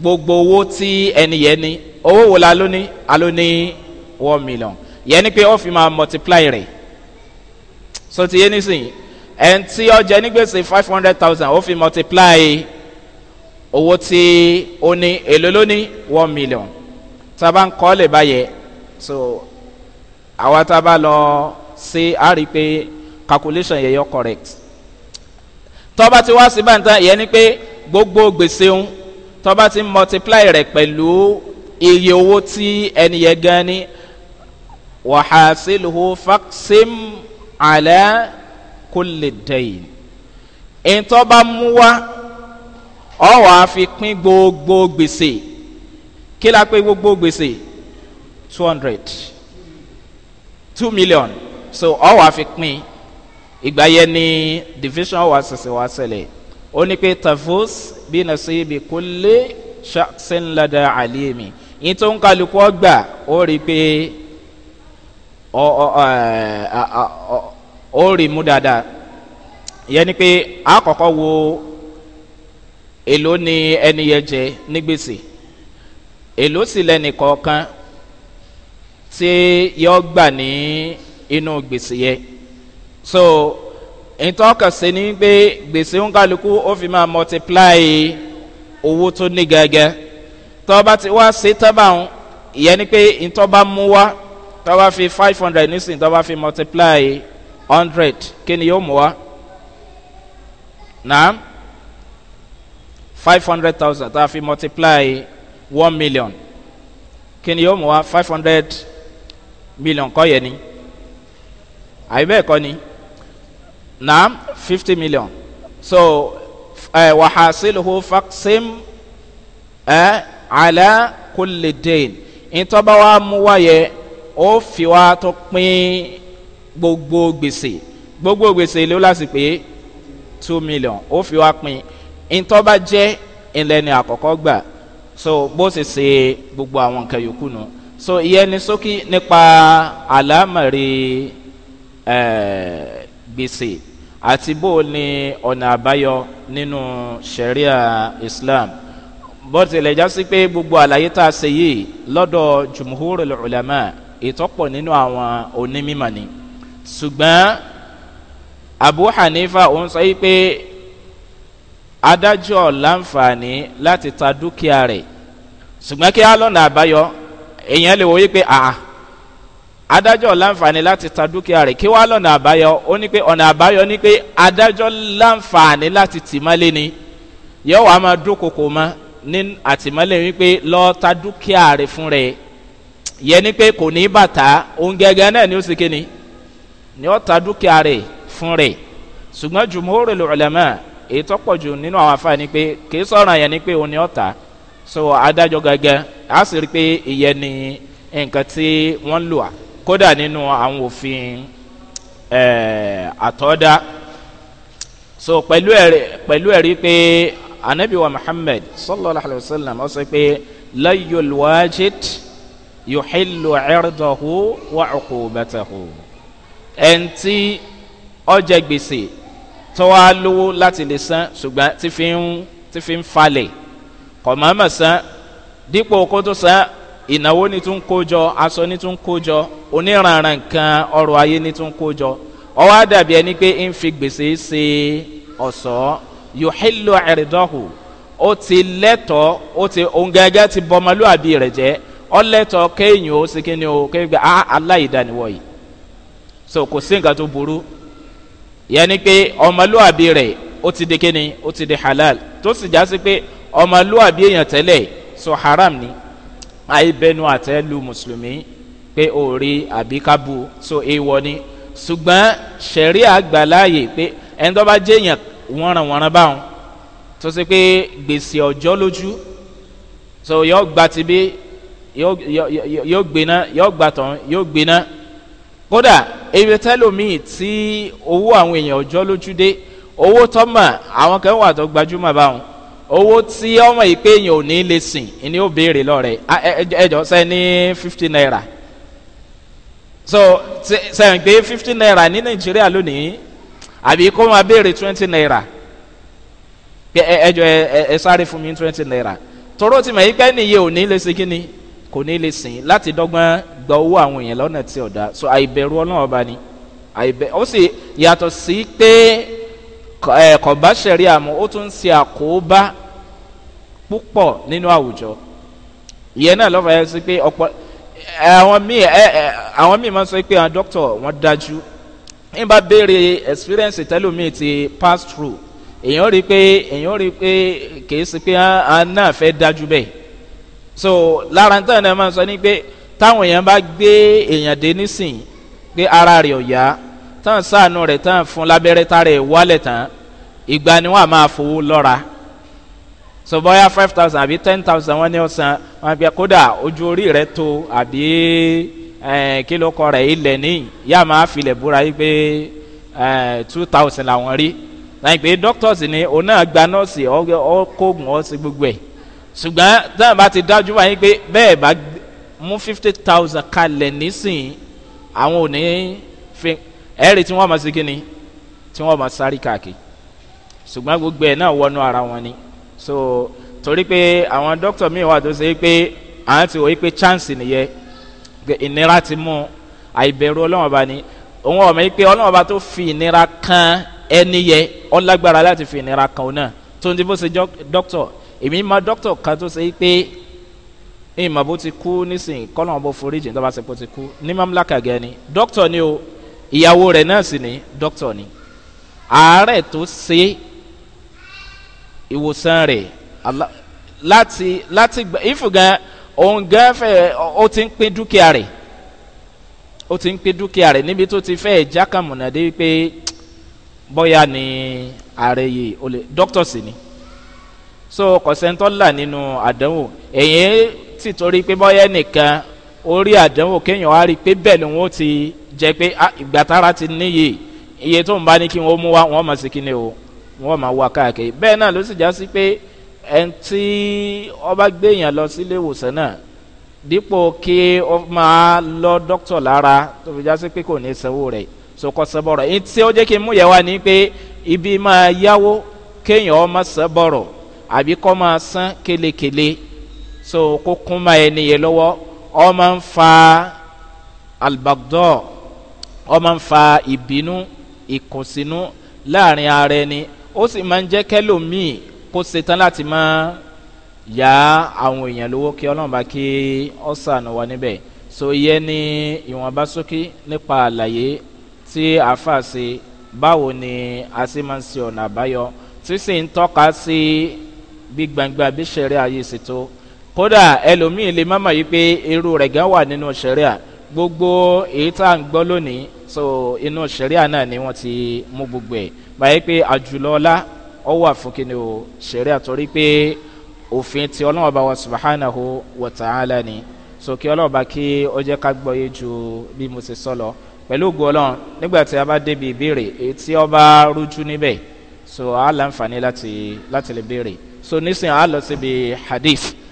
gbogbo owó tí ẹnìyẹn ní owó wò la lóní alóní one million yẹn ni pé ó fi máa multiply rẹ̀ so ti yé nísìnyí ẹn tí ọjà nígbèsè five hundred thousand ó fi multiply owó tí ó ní èlò lóní one million tá a bá ń kọ́ lè báyẹ so àwa tá a bá lọ sí a rí i pé calculation yẹ yọ correct tọ́ba ti wá sí báńtá yẹ ni pé gbogbo gbèsè ń tọ́ba ti multiply rẹ̀ pẹ̀lú iye owó tí ẹni yẹ gan ni wàhásílùú fàksim alẹ́ kó lè dẹ̀yìn ìtọ́ bá mú wá ọwọ́ àfikún gbogbo gbèsè kí la pé gbogbo gbèsè two hundred two million so ọwọ́ àfikún ìgbà yẹn ni division ọwọ́ àṣẹṣẹ wa ṣẹlẹ̀ ó ní pé tafos bí na ṣe ibi kó lè ṣàṣẹ́ ńlá da àlẹ́ mi ìtọ́ ń kálukú ọgbà ó rí i pé ó rí mú dáadáa yẹn ni pé àkọ́kọ́ wo èló ni ẹni yẹn jẹ ní gbèsè èló sì lẹ́nì kọ̀ọ̀kan tí yọ gbà ní inú gbèsè yẹn so ìtọ́kasẹ̀ ni pé gbèsè ń kálukú ó fi máa multiply owó tó ní gẹ́gẹ́ tọ́ bá ti wá sí tábà ń ìyẹn pé ìtọ́ mú wá tó fi five hundred nísìnyí tó fi multiply hundred kí ni yóò mú wa naam five hundred thousand tó fi multiply one million kí ni yóò mú wa five hundred million kọ́ yẹn ni àbí bẹ́ẹ̀ kọ́ ni naam fifty million so uh, eh, wàhásílùú fàksim ẹ̀ uh, àlẹ́ kò lè dẹ́yìn ìtọ́ba wa eh, mú wa yẹ ó fi wá tó pín gbogbo gbèsè gbogbo gbèsè ló láti pé two million ó fi wá pín ntọ́ bá jẹ́ ìlẹ́ni àkọ́kọ́ gbà so bó ṣe ṣe gbogbo àwọn nǹkan yòókù nù so ìyẹn ni sókí nípa àlámọ̀rí gbèsè àti bó ni ọ̀nà àbáyọ nínú sharia islam bó tilẹ̀ já sí pé gbogbo àlàyé tá a ṣe yìí lọ́dọ̀ jùmùhúrò lọ́lọ́mọ́ ìtọ́pọ̀ nínú àwọn onímọ̀ ni ṣùgbọ́n abu hanifa ò ń sọ yìí pé adájọ́ láǹfààní láti ta dúkìá rẹ̀ ṣùgbọ́n kí á lọ́nà àbáyọ èèyàn lè wọ yìí pé àá adájọ́ láǹfààní láti ta dúkìá rẹ̀ kí wá lọ́nà àbáyọ ó ní pé ọ̀nà àbáyọ ní pé adájọ́ láǹfààní láti tìmọ́lé ni yóò wá máa dúnkokò mọ́ ní àtìmọ́lé wípé lọ́ọ́ ta dúkìá rẹ̀ fún rẹ̀ yẹ ni pé kò ní bàtà òun náà ni ó sì kéne ni ó ta dúkìá rẹ̀ fún rẹ̀ ṣùgbọ́n jùmọ̀ọ́rẹ́ lọ́lẹ́mọ̀ èyí tó pọ̀ jù nínú àwọn afáà ni pé kì í sọ̀rọ̀ yẹn ni pé òun ni ó ta so adájọ́ gẹ́gẹ́ á sì rí pé ìyẹn ni nǹkan tí wọ́n lò á kódà nínú àwọn òfin àtọ́dá so pẹ̀lú ẹ̀rí pẹ̀lú ẹ̀rí pé anabiwa muhammed sallallahu alayhi wa sallam ọ sọ pé layol wajid yòhìlù ẹ̀rọ̀dọ̀hù wà ọ̀kù bẹ̀tẹ̀hù. ẹ̀ǹtí ọjà gbèsè tó wá lówó láti lè san ṣùgbọ́n tí fi ń tí fi ń falẹ̀ kọ̀mọ́mọ́ san dípò kó tó san ìnáwó ni tún kó jọ aṣọ ni tún kó jọ oníranran nǹkan ọrọ̀ ayé ni tún kó jọ ọwọ́ àdàbí ẹni pé ń fi gbèsè ṣe ọ̀sọ́ yòhìlù ẹ̀rọ̀dọ̀hù ó ti lẹ́tọ̀ọ́ ó ti òun gẹ́gẹ́ ti bọ́mọlúàbí rẹ̀ jẹ́ ọlẹ́tọ̀ kéèyàn ó sì kíni o kéèyàn á ah, aláìdániwọ̀ yìí so kò sí nǹkan tó burú yẹni pé ọmọlúwàbí rẹ̀ ó ti di kíni ó ti di halal tó sì já sí pé ọmọlúwàbí èèyàn tẹ́lẹ̀ so haram ni àìbẹnu àtẹ́lu mùsùlùmí pé òòrè àbíkábù so èèwọ̀ ni ṣùgbọ́n sẹ̀rí àgbàláyè pé ẹni tó bá jẹ́ èèyàn wọ́nranwọ́nran báwọn tó sì pé gbèsè ọjọ́ lójú so yọ gba ti yóò gbéná yóò gbàtàn yóò gbéná kódà ebi tẹlomiin tí owó àwọn èèyàn ọjọ́ lójú dé owó tọ́mà àwọn kan wà tó gbajúmọ̀ báwọn owó tí ọmọ yìí pé èèyàn ò ní lè sìn ni ó béèrè lọ́rẹ̀ ẹjọ́ sẹ́ ní fifty naira so sẹ́yìn pé fifty naira ní nàìjíríà lónìí àbí kó máa béèrè twenty naira ẹjọ́ ẹ sáré fún mi twenty naira tọ́rọ́ ti mọ̀ yìí pé nìyẹn ò ní lè ṣe kí ni kò ní lè sìn láti dọ́gbọ́n gba owó àwọn èèyàn lọ́nà tí ọ̀dà so àìbẹ̀rù ọlọ́run ọba ni àìbẹ̀ ó sì yàtọ̀ sí pé kọ̀bá ṣẹ̀rí àmọ́ ó tún ń ṣe àkóbá púpọ̀ nínú àwùjọ ìyẹn náà lọ́fà yẹn sí pé ọ̀pọ̀ àwọn míì àwọn míì máa ń sọ pé àwọn dókítà wọn dájú ń bá béèrè experience tẹ́lómìí ti pass through èèyàn rí i pé èèyàn rí i pé kì í sí pé a náà fẹ́ dájú bẹ́ẹ̀ so lára nítorí náà máa sọ ni pé táwọn èèyàn bá gbé èèyàn dé nísìnyí pé ara rẹ̀ ò yá tán sáànù rẹ̀ tán fún lábẹ́rẹ́ tára ẹ̀ wálẹ̀ tán ìgbà ni wọ́n á máa fowó lọ́ra so bóyá five thousand àbí ten thousand wọ́n ní ọ̀sán wọn àgbẹ̀ kódà ojú orí rẹ̀ tó àbí kí ló kọ rẹ̀ ilẹ̀ níyì yá máa filẹ̀ búra yìí pé two thousand làwọn rí láì pé doctors ni òun náà gba nọ́ọ̀sì ọkọ̀ oògùn ọ̀sìn gbogbo ẹ̀ ṣùgbọ́n táwọn bá ti dájú wáyé pé bẹ́ẹ̀ bá mú fifty thousand kalẹ̀ nísìnyí àwọn ò ní fi ẹ̀rí tí wọ́n máa ṣe kíni tí wọ́n máa sáré káàkiri ṣùgbọ́n gbogbo ẹ̀ náà wọnú ara wọn ni so torí pé àwọn dókítà míì wà tó ṣe pé àwọn ti wò pé chance nìyẹn ìnira ti mú àìbẹ̀rù ọlọ́wọ́n bá ní òun ọ̀mọ̀ yìí pé ọlọ́wọ́n bá tó fi ìnira kan ẹni yẹ ọlágbára láti fi ìnira kan òun náà tó ń di ṣe dókítà èmi mọ dókítà kan tó ṣe pé ìmọ̀ bó ti kú nísìnyí kọ́nà bó foríjì tó bá ṣe pé ó ti kú ní mamlaka gẹ̀ ni dókítà ni o ìyàwó rẹ̀ náà sì ni dókítà ni àárẹ̀ tó ṣe ìwòsàn rẹ̀ láti láti gbà ìfùgàn òun gan fẹ́ ó ti ń pín dúkìá rẹ̀ ó ti ń pín dúkìá rẹ̀ níbi tó ti fẹ́ jákàmùnà dé pé bóyá ni ààrẹ yìí dókítà sì ni so kọ̀sẹ́ńtọ́là nínú àdánwò èyí sì torí pé bọ́yẹ́ nìkan orí àdánwò kéèyàn wá rí i pé bẹ́ẹ̀ ni wọ́n ti jẹ́ pé ah, ìgbà tára ti níyè iye tó ń bá ní kí wọ́n mú wa wọ́n mọ̀ sí kíni o wọ́n máa wá káàkiri bẹ́ẹ̀ náà ló sì já sí pé ẹni tí ọba gbéyàn lọ sílé ìwòsàn náà dípò kí ó máa lọ dókítà lára tó fi já sí pé kò ní sanwó rẹ̀ so kọ́ sẹ́bọ̀rọ̀ èyí tí ó jẹ́ kí n mú yẹ wá ní pé ibi máa yáwó kéèyàn ọmọ sẹ́bọ̀rọ̀ àbí kọ́ máa sán kelekele so kó kún máa ẹni yẹn lọ́wọ́ ọ máa ń fa albagdọ́ ọ máa ń fa ìbínú ìkùnsínú láàrin ara ẹni ó sì máa ń jẹ́ kẹ́lòmíì kó ṣetán láti máa yá àwọn èèyàn lówó kí ọlọ́run kí ọ sànù wá níbẹ̀ so ìyẹn ní ìwọ̀nba sókè nípa àlàyé tí àáfàá ṣe báwo ni a ṣe máa ń ṣe ọ̀nà àbáyọ tí sì ń tọ́ka sí gbígbangba bí sẹ̀ríà yìí sì tó kódà ẹlòmíì lè má mà yí pé irú rẹ̀ gan wà nínú sẹ̀ríà gbogbo èyí tá à ń gbọ́ lónìí so inú sẹ̀ríà náà ni wọ́n ti mú gbogbo ẹ̀ báyìí pé àjùlọ ọlá ọ wà fún kí ni o sẹ̀ríà torí pé òfin ti ọlọ́wọ́ bá wa subahánahu wa ta'ala ni so kí ọlọ́wọ́ bá kí ó jẹ́ ká gbọ́ yé ju bí mo ti sọ lọ pẹ̀lú gọlọ́n nígbà tí a bá débi ìbéèrè èyí tí ọ bá rújú níbẹ̀ so a láǹfààní láti láti lè béèrè so nísìnyí a lọ síbi hadith.